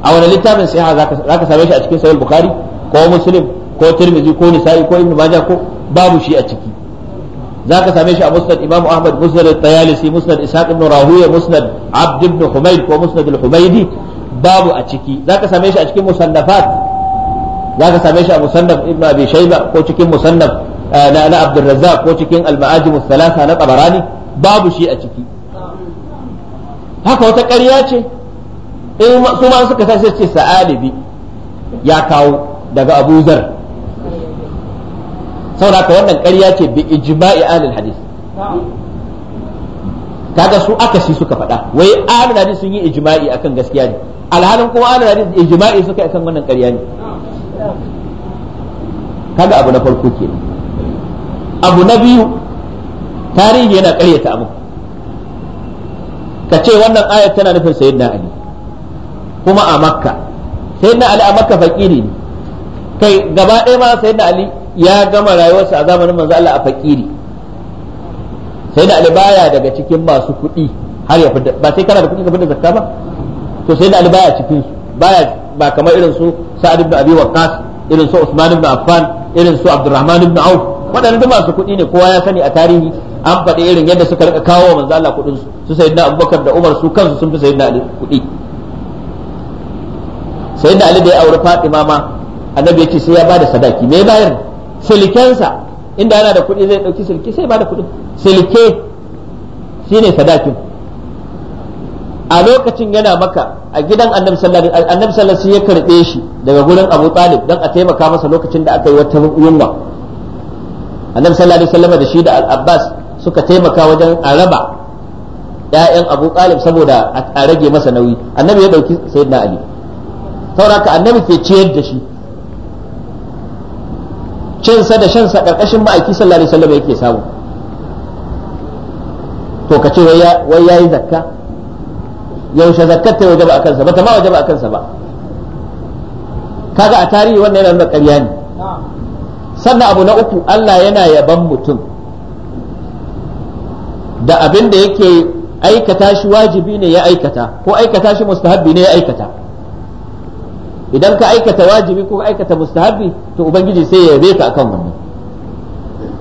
a wani littafin siha za ka same shi a cikin sahih bukhari ko muslim ko tirmizi ko nisa'i ko ibnu majah ko babu shi a ciki zaka same shi a musnad imamu ahmad musnad at-tayalisi ishaq ibn rahuya musnad abd ibn ko musnad al babu a ciki zaka same shi a cikin musannafat zaka same shi a musannaf ibn abi ko cikin musannaf eh, na na ko cikin al-ma'ajim ath na tabarani babu shi a ciki haka wata ƙarya ce in eh, suka ya kawo daga abuzar saboda haka wannan ƙarya ce bi ijma'i ahlul hadith kaga su akasi suka faɗa wai ahlul hadith sun yi ijma'i akan gaskiya ne alhalin kuma ahlul hadith ijma'i suka yi akan wannan ƙarya ne kaga abu na farko ke abu na biyu tarihi yana ƙaryata abu ka ce wannan ayat tana nufin sayyidina ali kuma a makka sayyidina ali a makka fakiri ne kai gaba ɗaya ma sayyidina ali ya gama rayuwarsa a zamanin manzo Allah a fakiri sai da albaya daga cikin masu kuɗi har ya fita ba sai kana da kuɗi ka fita zakka ba to sai da albaya cikin su baya ba kamar irin su Sa'ad ibn Abi Waqqas irin su Usman ibn Affan irin su Abdurrahman ibn Auf da masu kuɗi ne kowa ya sani a tarihi an faɗi irin yadda suka rika kawo manzo Allah kuɗin su su sayyidina Abubakar da Umar su kansu sun fi sayyidina Ali kuɗi sayyidina Ali da ya aure Fatima ma annabi ya ce sai ya bada sadaki me bayar Silikensa, inda yana da kuɗi zai ɗauki silke sai ba da kuɗi silke shine sadakin a lokacin yana maka a gidan annabi sallallahu annabi sallallahu ya karɓe shi daga gurin Abu Talib don a taimaka masa lokacin da aka yi wata yunwa annabi sallallahu alaihi wasallam da shi da Al-Abbas suka taimaka wajen a raba ƴaƴan Abu Talib saboda a rage masa nauyi annabi ya ɗauki sayyidina Ali saboda annabi ke ciyar da shi cinsa da shansa ƙarƙashin ma'aiki sallallahu alaihi wasallam yake samu to ka ce wai yayi zakka yaushe zakkar ta wajaba a kansa bata ma wajaba a kansa ba kaga a tarihi wannan yana nuna ƙarya ne sannan abu na uku Allah yana yaban mutum da abin da yake aikata shi wajibi ne ya aikata ko aikata shi mustahabbi ne ya aikata idan ka aikata wajibi ko aikata mustahabi to ubangiji sai ya yabe ka akan wannan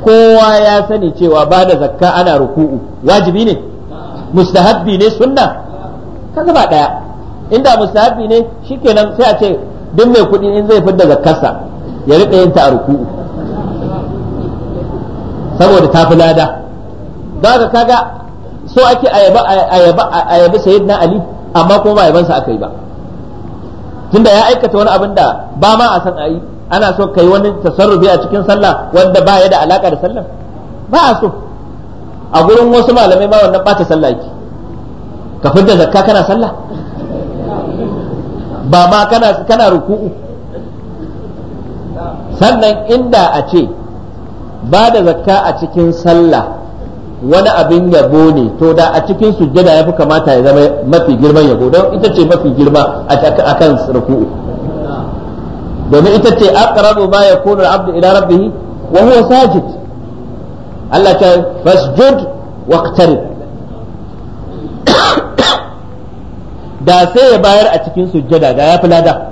kowa ya sani cewa ba da zakka ana ruku'u wajibi ne mustahabbi ne sunna kaga ba daya inda mustahabbi ne shikenan sai a ce duk mai kuɗi in zai da zakkarsa ya rika yin ta a ruku'u saboda ta fi lada ka kaga so ake ayaba ayaba ayabi sayyidina ali amma kuma ba yabansa aka yi ba tunda ya aikata wani abin da ba ma a san ayi ana so kai wani tasarrufi a cikin sallah wanda ba ya da alaka da sallah ba a so a gurin wasu malamai ma wannan bata sallah yake ka fidda zakka kana sallah ba ma kana kana ruku'u sannan inda a ce ba da zakka a cikin sallah wani abin yabo ne to da a cikin sujjada ya fi kamata ya zama mafi girman yabo don ita ce mafi girma a kan ruku'u domin ita ce aqrabu ma yakunu al-abdu ila rabbih wa huwa sajid Allah ta fasjud waqtarib da sai ya bayar a cikin sujjada da ya fi lada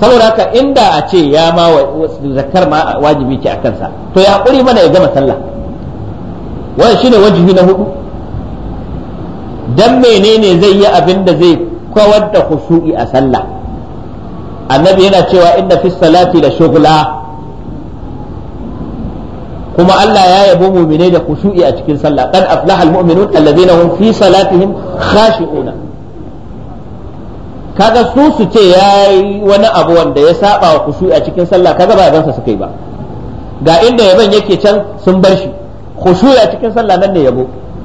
saboda haka inda a ce ya ma zakar ma wajibi ce a kansa to ya kuri mana ya gama sallah wannan shine wajibi na hudu dan menene zai yi abin da zai kawar da khushu'i a sallah annabi yana cewa inna fi salati da shughla kuma Allah ya yabo mu'minai da khushu'i a cikin sallah qad aflaha muminun alladhina hum fi salatihim khashi'una kaga su su ce ya yi wani abu wanda ya saba wa kushu a cikin sallah kaga ba yabansa suka yi ba ga inda yaban yake can sun bar shi khushu a cikin sallah nan ne yabo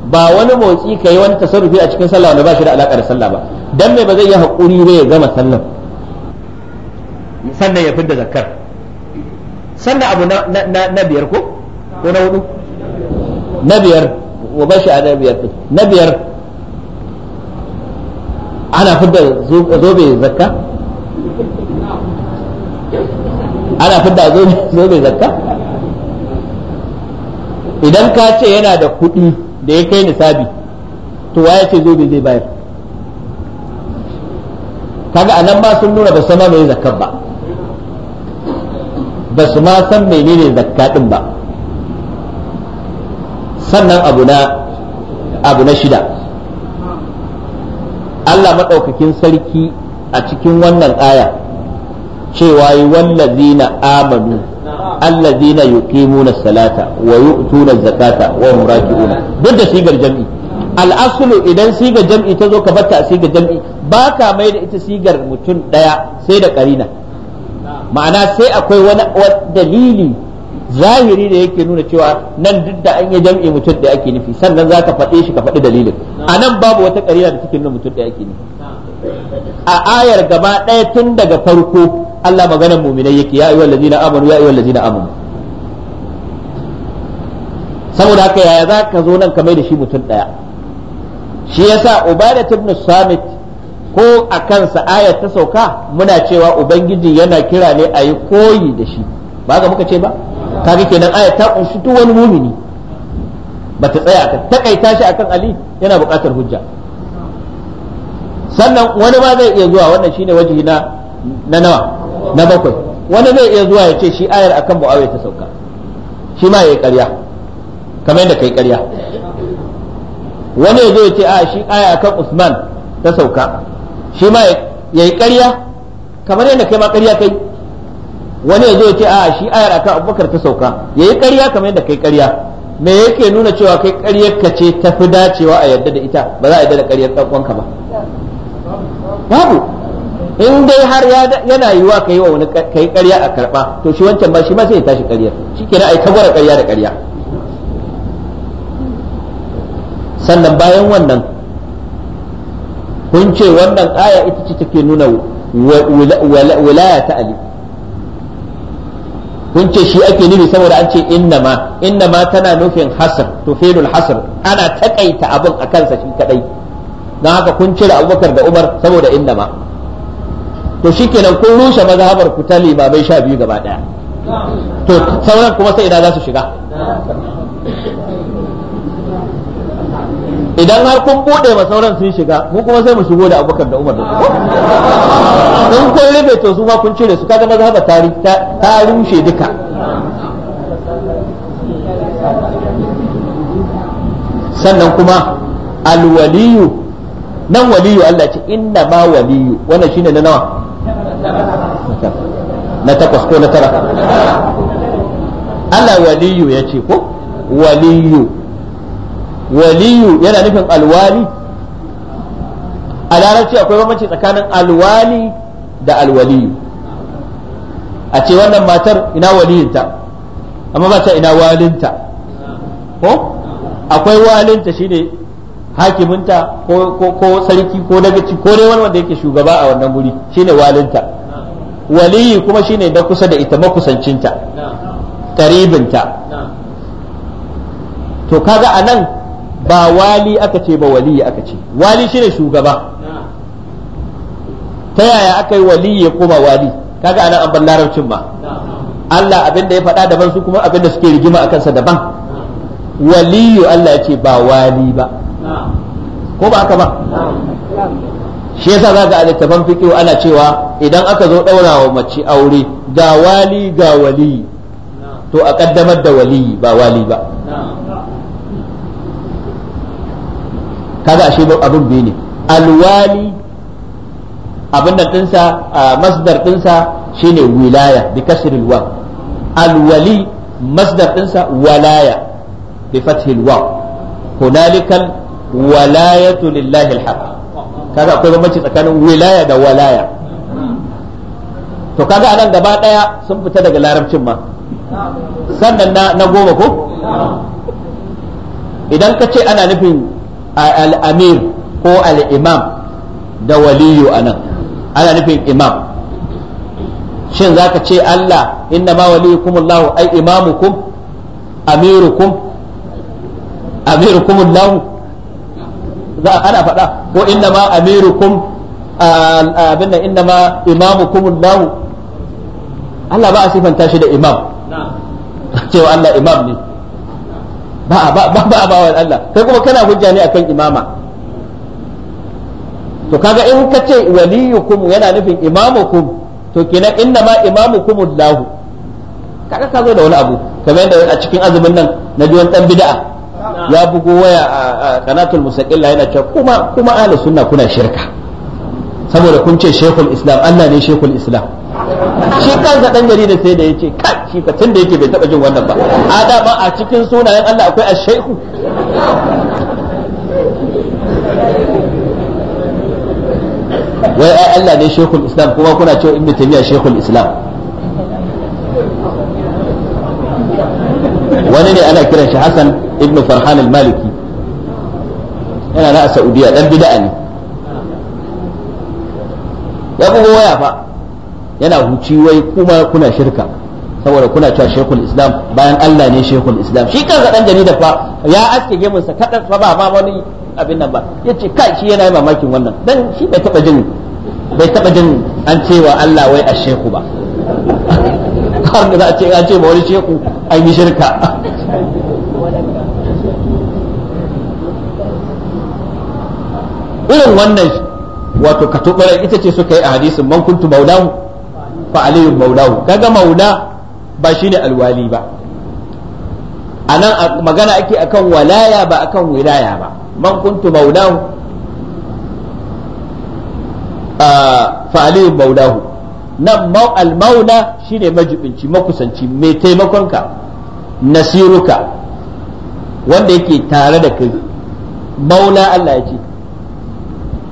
ba wani motsi ka yi wani tasarrufi a cikin sallah wanda ba shi da alaka da sallah ba dan me ba zai yi hakuri ba ya gama sallah sannan ya fidda zakkar sannan abu na biyar ko ko na hudu na biyar wa bashi a na biyar na biyar ana fidda zobe zakka ana fidda zobe zakka idan ka ce yana da kuɗi da ya kai nisabi to waye ce zobe zai bayar kaga anan ma sun nuna ba sama mai zakka ba ba su ma san menene zakka din ba sannan abu na abu na shida Allah maɗaukakin sarki a cikin wannan aya cewa yi wallazina amanu allazina yuqimuna salata wa yu'tuna zakata wa hum duk da sigar jam'i al-aslu idan sigar jam'i ta zo ka batta a sigar jam'i ba ka mai da ita sigar mutum daya sai da karina ma'ana sai akwai wani dalili zahiri da yake nuna cewa nan duk da an yi jam'i mutum da ake nufi sannan za ka faɗe shi ka faɗi dalilin a nan babu wata ƙarya da cikin nan mutum da ake nufi a ayar gaba ɗaya tun daga farko Allah maganar muminai yake ya ayyuhal ladina amanu ya ayyuhal ladina amanu saboda haka yaya za ka zo nan ka mai da shi mutum ɗaya shi yasa ubadat ibn samit ko a kansa ayar ta sauka muna cewa ubangiji yana kira ne a yi koyi da shi ba ga muka ce ba kaga kenan ayat ta kunshi duk wani mumini bata tsaya ta takaita shi akan ali yana buƙatar hujja sannan wani ma zai iya zuwa wannan shine wajihi na na nawa na bakwai wani zai iya zuwa ya ce shi ayar akan bu'awai ta sauka shi ma yayi ƙarya kamar yadda kai ƙarya wani ya zo ya ce a shi aya akan usman ta sauka shi ma yayi ƙarya kamar yadda kai ma ƙarya kai wani ya zo ya ce a shi ayar akan abubakar ta sauka ya yi ƙarya kamar yadda kai ƙarya me yake nuna cewa kai ƙaryar ka ce ta fi dacewa a yadda da ita ba za a yadda da ƙaryar ɗan ba babu in dai har yana yiwa ka yi wa wani kai ƙarya a karɓa to shi wancan ba shi ma sai ya tashi ƙaryar shi kenan a yi gwara ƙarya da ƙarya sannan bayan wannan kun ce wannan aya ita ce take nuna wilaya ta ali kun ce shi ake nufi saboda an ce innama innama tana nufin hasr tufilul hasr ana takaita abin a kansa shi kadai don haka kun cire abubakar da umar saboda innama to shikenan kun rushe mazhabar ku ta limamai sha biyu gaba daya to sauran kuma sai ina za su shiga idan har kun bude ma sauran sun shiga mu kuma sai mu shigo da abubakar da umar da su sun kun rufe to su ma kun cire su kaga mazhaba tari ta rushe duka sannan kuma alwaliyu nan waliyu Allah ce inna ma waliyu wannan shine na nawa na takwas ko na tara Allah waliyu ya ce ko waliyu waliyu yana nufin alwali a larabci akwai bambanci tsakanin alwali da alwaliyu a ce wannan matar ina waliyinta amma ba ta ina walinta ko akwai walinta shine hakiminta ko ko sarki ko dagaci ko dai wani wanda yake shugaba a wannan guri shine walinta waliyi kuma shine da kusa da ita makusancinta karibinta to kaga anan ba wali aka ce ba wali aka ce wali shine shugaba ta yaya aka yi wali ya koma wali kaga ana an larabcin ba Allah abin da ya faɗa daban su kuma abin da suke rigima a kansa daban waliyu Allah ya ce ba wali ba ko ba haka ba shi yasa za ga a littafan ana cewa idan aka zo ɗaura wa mace aure ga wali ga wali to a ƙaddamar da wali ba wali ba kaga ashe abin biyu ne alwali abin da dinsa masdar dinsa shine wilaya bi kasr alwa alwali masdar dinsa walaya bi fath alwa hunalika walayatu lillahi alhaq kaga akwai bambanci tsakanin wilaya da walaya to kaga anan gaba daya sun fita daga larabcin ma sannan na goma ko idan ka ce ana nufin al-amir ko al'imam da waliyu anan ana nufin imam shin za ka ce Allah inna ma waliyukum Allah ai imamukum amirukum amirukum Allah za ana faɗa ko inna ma amirukum abinda inna ma imamukum Allah Allah ba a sifanta shi da imam cewa Allah imam ne ba a ba Allah kai kuma kana hujja ne akan imama to kaga in ka ce waliyukum yana nufin imamukum to kenan inna ma imamukum Allah kaga ka zo da wani abu kamar yadda a cikin azumin nan na ji wani dan bid'a ya bugo waya a kanatul mustaqilla yana cewa kuma kuma ahlus sunna kuna shirka saboda kun ce shekul islam Allah ne shekul islam shi kansa dan jaridar sai da yace kai shi ka tunda yake bai taba jin wannan ba a da ba a cikin sunayen Allah akwai ash-shaykhu wai ai Allah ne shekul islam kuma kuna cewa ibnu taymiya shekul islam wani ne ana kiran shi Hassan ibnu Farhan al-Maliki yana na a Saudiya dan bid'a ne ya bugo waya fa yana huci wai kuma kuna shirka saboda kuna cewa shekul islam bayan Allah ne shekul islam shi kansa dan jarida fa ya aske gemunsa kaɗan kadan fa ba ma wani abin nan ba ce kai shi yana yi mamakin wannan dan shi bai taba jin bai taba jin an cewa Allah wai a sheku ba har da a ce an ce ba wani sheku an yi shirka irin wannan wato katubaran ita ce suka yi a hadisin man kuntu maulahu fa aliyu maulahu kaga maula ba shine alwali ba anan magana ake akan walaya ba akan wilaya ba man kuntu maulahu fa aliyu maulahu nan mauna shine majibinci makusanci mai taimakonka nasiruka wanda yake tare da kai maula Allah ya ce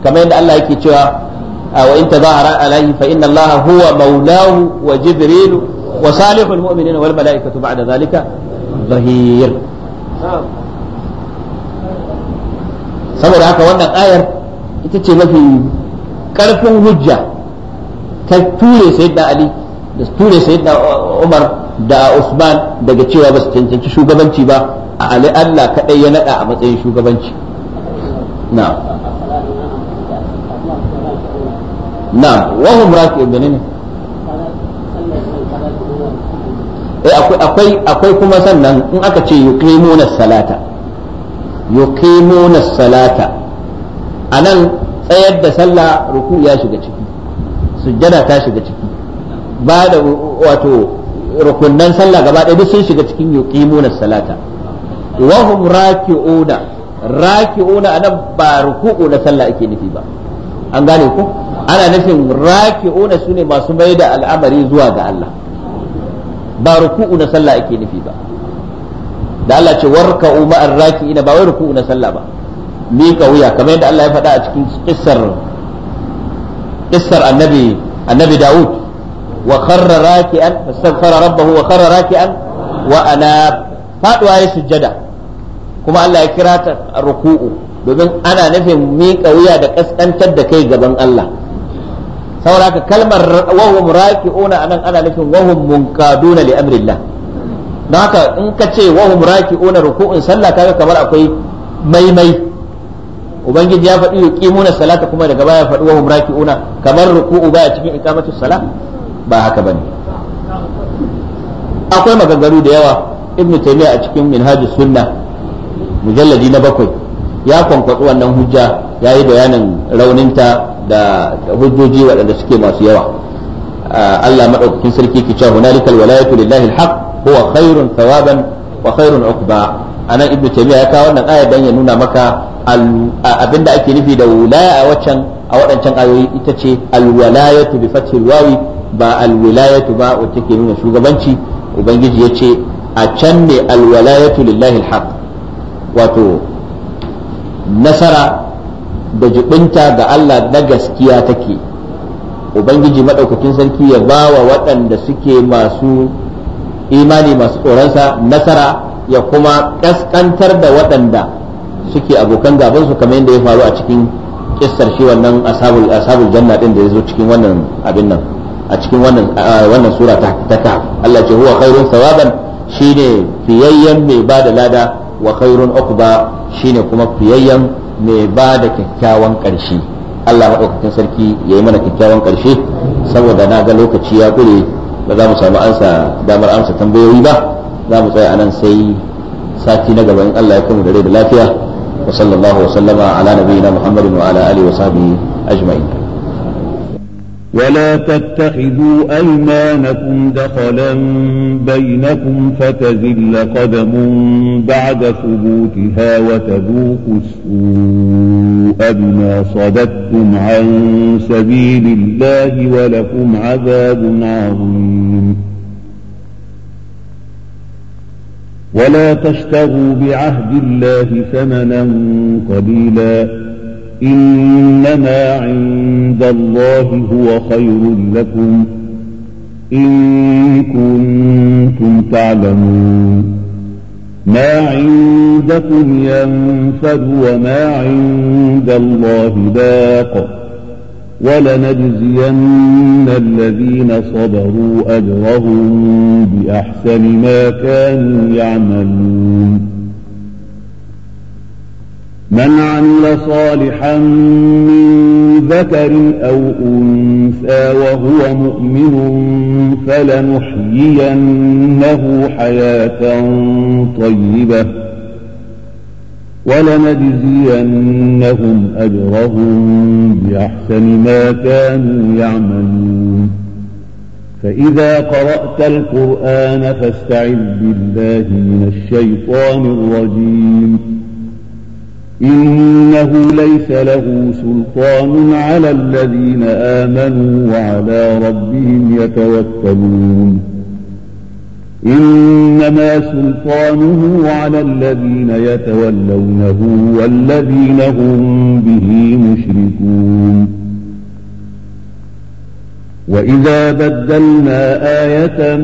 kamar yadda Allah yake cewa wa in tazahara alaihi fa inna Allah huwa maulahu wa jibril wa salihul mu'minin wal malaikatu ba'da zalika zahir saboda haka wannan ayar ita ce mafi karfin hujja ta ture sayyidina ali da ture sayyidina umar da usman daga cewa ba su cancanci shugabanci ba a ali allah kadai ya naɗa a matsayin shugabanci na na'am wa hum raki'u menene eh akwai akwai kuma sannan in aka ce yuqimuna salata yuqimuna salata tsayar da sallah ruku ya shiga ciki sujjada ta shiga ciki ba da wato rukunnan sallah gaba ɗaya sun shiga cikin yuqimuna salata wa hum raki'una raki'una anan ba ruku'u na sallah ake nufi ba an gane ko ana nufin raki'una su ne masu mai da al'amari zuwa ga Allah ba ruku'u na sallah ake nufi ba da Allah ce warka'u raki raki'ina ba wai ruku'u na sallah ba miƙa wuya kamar yadda Allah ya faɗa a cikin kissar kissar annabi annabi Dawud wa kharra raki'an fastaghfara rabbahu wa kharra raki'an wa ana faduwa ya sujjada kuma Allah ya kira ta ruku'u domin ana nufin miƙa wuya da kaskantar da kai gaban Allah saboda kalmar wahum raki'una anan ana nufin wahum munkaduna li amrillah don haka in ka ce wahum raki'una ruku'un sallah kaga kamar akwai maimai ubangiji ya faɗi yuqimuna salata kuma daga baya faɗi wahum raki'una kamar ruku'u baya cikin iqamatu salah ba haka bane akwai maganganu da yawa ibnu taymiya a cikin minhajus sunna mujalladi na bakwai ya kwankwatsu wannan hujja yayi bayanin rauninta da hujjoji waɗanda suke masu yawa Allah madaukakin sarki ki cewa hunalikal walayatu lillahi alhaq huwa khairun thawaban wa khairun uqba anan ibnu taymiya ya kawo wannan aya dan ya nuna maka abinda ake nufi da wilaya a waccan a waɗancan ayoyi ita ce alwalayatu bi fathil wawi ba alwilayatu ba wacce ke nuna shugabanci ubangiji ya ce a can ne alwalayatu lillahi alhaq wato nasara da jibinta ga Allah na gaskiya take ubangiji madaukakin sarki ya ba wa waɗanda suke masu imani masu tsoronsa nasara ya kuma ƙasƙantar da waɗanda suke abokan gabansu kamar yadda ya faru a cikin kissar shi wannan ashabul ashabul janna din da yazo cikin wannan abin nan a cikin wannan wannan sura ta ta Allah ce huwa khairun sawaban shine fiyayyen mai bada lada wa khairun uqba shine kuma fiyayyen mai ba da kyakkyawan ƙarshe Allah maɗaukakin sarki ya yi mana kyakkyawan ƙarshe saboda na ga lokaci ya ƙure ba za mu samu ansa damar amsa tambayoyi ba za mu tsaya anan sai sati na gaba in Allah ya kuma da rai da lafiya wa sallallahu wa sallama ala nabiyina Muhammadin wa ala alihi wa sahbihi ajma'in ولا تتخذوا أيمانكم دخلا بينكم فتزل قدم بعد ثبوتها وتذوقوا السوء بما صددتم عن سبيل الله ولكم عذاب عظيم ولا تشتغوا بعهد الله ثمنا قليلا إنما عند الله هو خير لكم إن كنتم تعلمون ما عندكم ينفد وما عند الله باق ولنجزين الذين صبروا أجرهم بأحسن ما كانوا يعملون من عمل صالحا من ذكر أو أنثى وهو مؤمن فلنحيينه حياة طيبة ولنجزينهم أجرهم بأحسن ما كانوا يعملون فإذا قرأت القرآن فاستعذ بالله من الشيطان الرجيم إنه ليس له سلطان على الذين آمنوا وعلى ربهم يتوكلون إنما سلطانه على الذين يتولونه والذين هم به مشركون وإذا بدلنا آية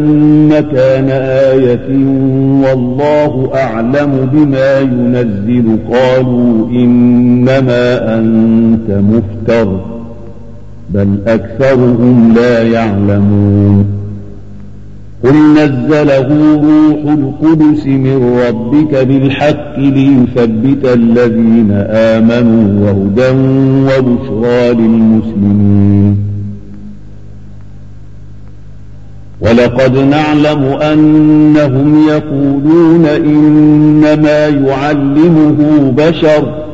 مكان آية والله أعلم بما ينزل قالوا إنما أنت مفتر بل أكثرهم لا يعلمون قل نزله روح القدس من ربك بالحق ليثبت الذين آمنوا وهدى وبشرى للمسلمين ولقد نعلم أنهم يقولون إنما يعلمه بشر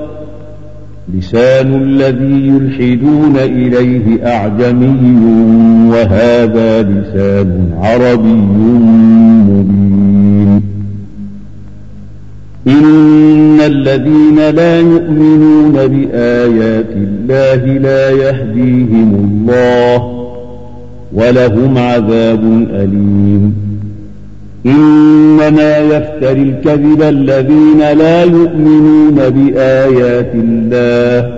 لسان الذي يلحدون إليه أعجمي وهذا لسان عربي مبين إن الذين لا يؤمنون بآيات الله لا يهديهم الله ولهم عذاب أليم إنما يفتري الكذب الذين لا يؤمنون بآيات الله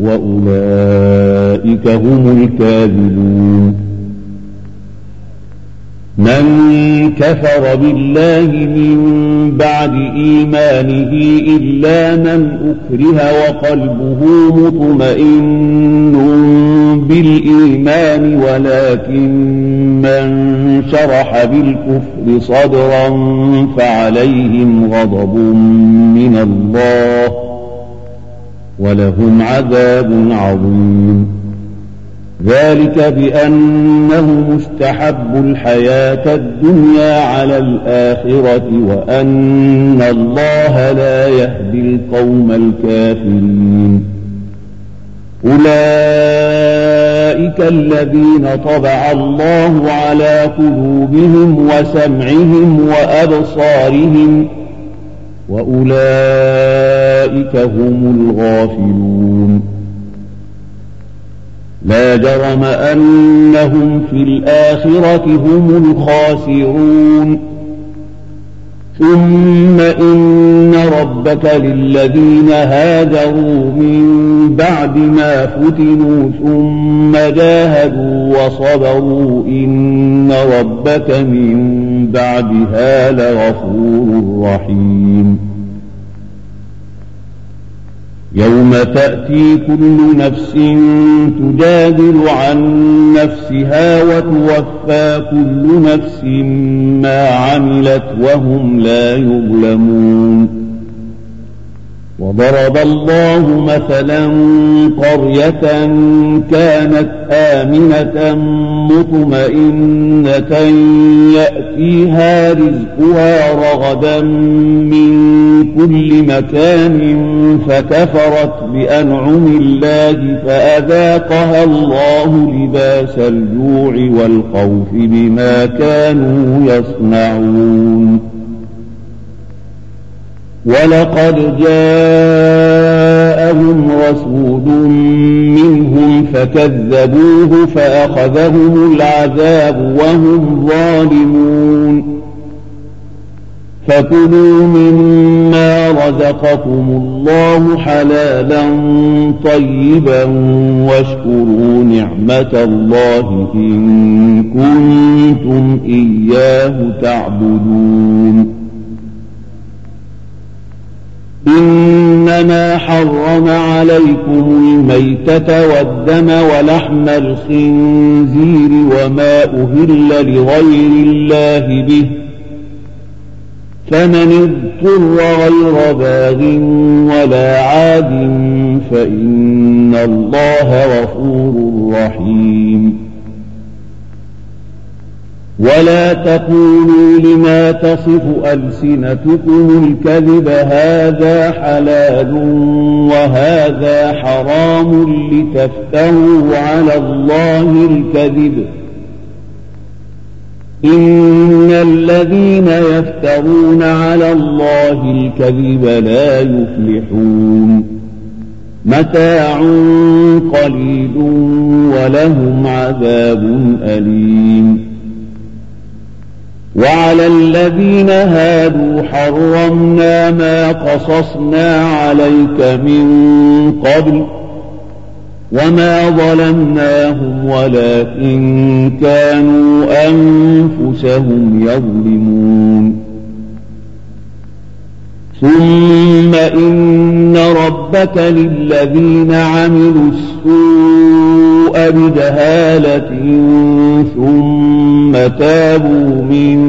وأولئك هم الكاذبون من كفر بالله من بعد إيمانه إلا من أكره وقلبه مطمئن بالإيمان ولكن من شرح بالكفر صدرا فعليهم غضب من الله ولهم عذاب عظيم ذلك بأنهم استحبوا الحياة الدنيا على الآخرة وأن الله لا يهدي القوم الكافرين أولئك الذين طبع الله على قلوبهم وسمعهم وأبصارهم وأولئك هم الغافلون لا جرم أنهم في الآخرة هم الخاسرون ثم إن ربك للذين هاجروا من بعد ما فتنوا ثم جاهدوا وصبروا إن ربك من بعدها لغفور رحيم يوم تأتي كل نفس تجادل عن نفسها وتوفى كل نفس ما عملت وهم لا يظلمون وضرب الله مثلا قرية كانت آمنة مطمئنة يأتيها رزقها رغدا من كل مكان فكفرت بأنعم الله فأذاقها الله لباس الجوع والخوف بما كانوا يصنعون ولقد جاءهم رسول منهم فكذبوه فأخذهم العذاب وهم ظالمون فكلوا مما رزقكم الله حلالا طيبا واشكروا نعمة الله إن كنتم إياه تعبدون إنما حرم عليكم الميتة والدم ولحم الخنزير وما أهل لغير الله به فمن اضطر غير باغ ولا عاد فإن الله غفور رحيم ولا تقولوا لما تصف ألسنتكم الكذب هذا حلال وهذا حرام لتفتروا على الله الكذب إن الذين يفترون على الله الكذب لا يفلحون متاع قليل ولهم عذاب أليم وعلى الذين هادوا حرمنا ما قصصنا عليك من قبل وما ظلمناهم ولكن كانوا أنفسهم يظلمون ثم إن ربك للذين عملوا السور بجهالة ثم تابوا من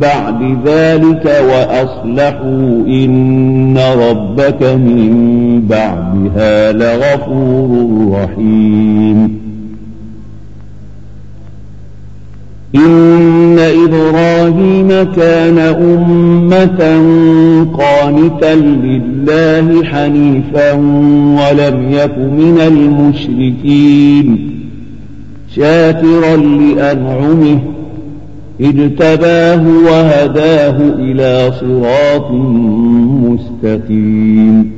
بعد ذلك وأصلحوا إن ربك من بعدها لغفور رحيم إن إبراهيم كان أمة قانتا لله حنيفا ولم يك من المشركين شاكرا لأنعمه اجتباه وهداه إلى صراط مستقيم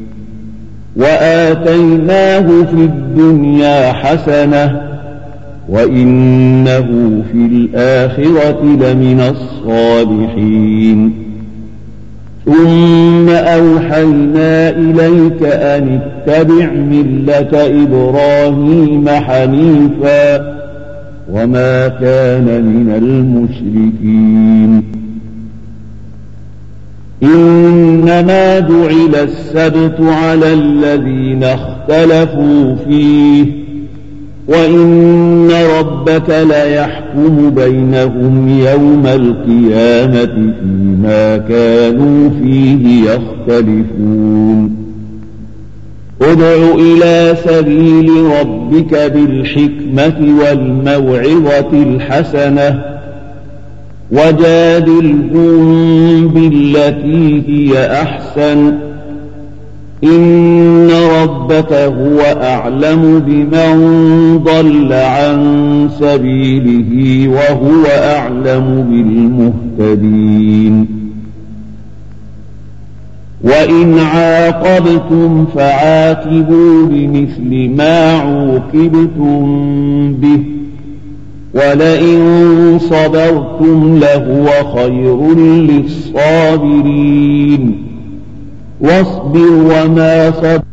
وآتيناه في الدنيا حسنةً وإنه في الآخرة لمن الصالحين ثم أوحينا إليك أن اتبع ملة إبراهيم حنيفا وما كان من المشركين إنما جعل السبت على الذين اختلفوا فيه وإن ربك ليحكم بينهم يوم القيامة فيما كانوا فيه يختلفون ادع إلى سبيل ربك بالحكمة والموعظة الحسنة وجادلهم بالتي هي أحسن إن ربك هو أعلم بمن ضل عن سبيله وهو أعلم بالمهتدين وإن عاقبتم فعاتبوا بمثل ما عوقبتم به ولئن صبرتم لهو خير للصابرين واصبر وما صبر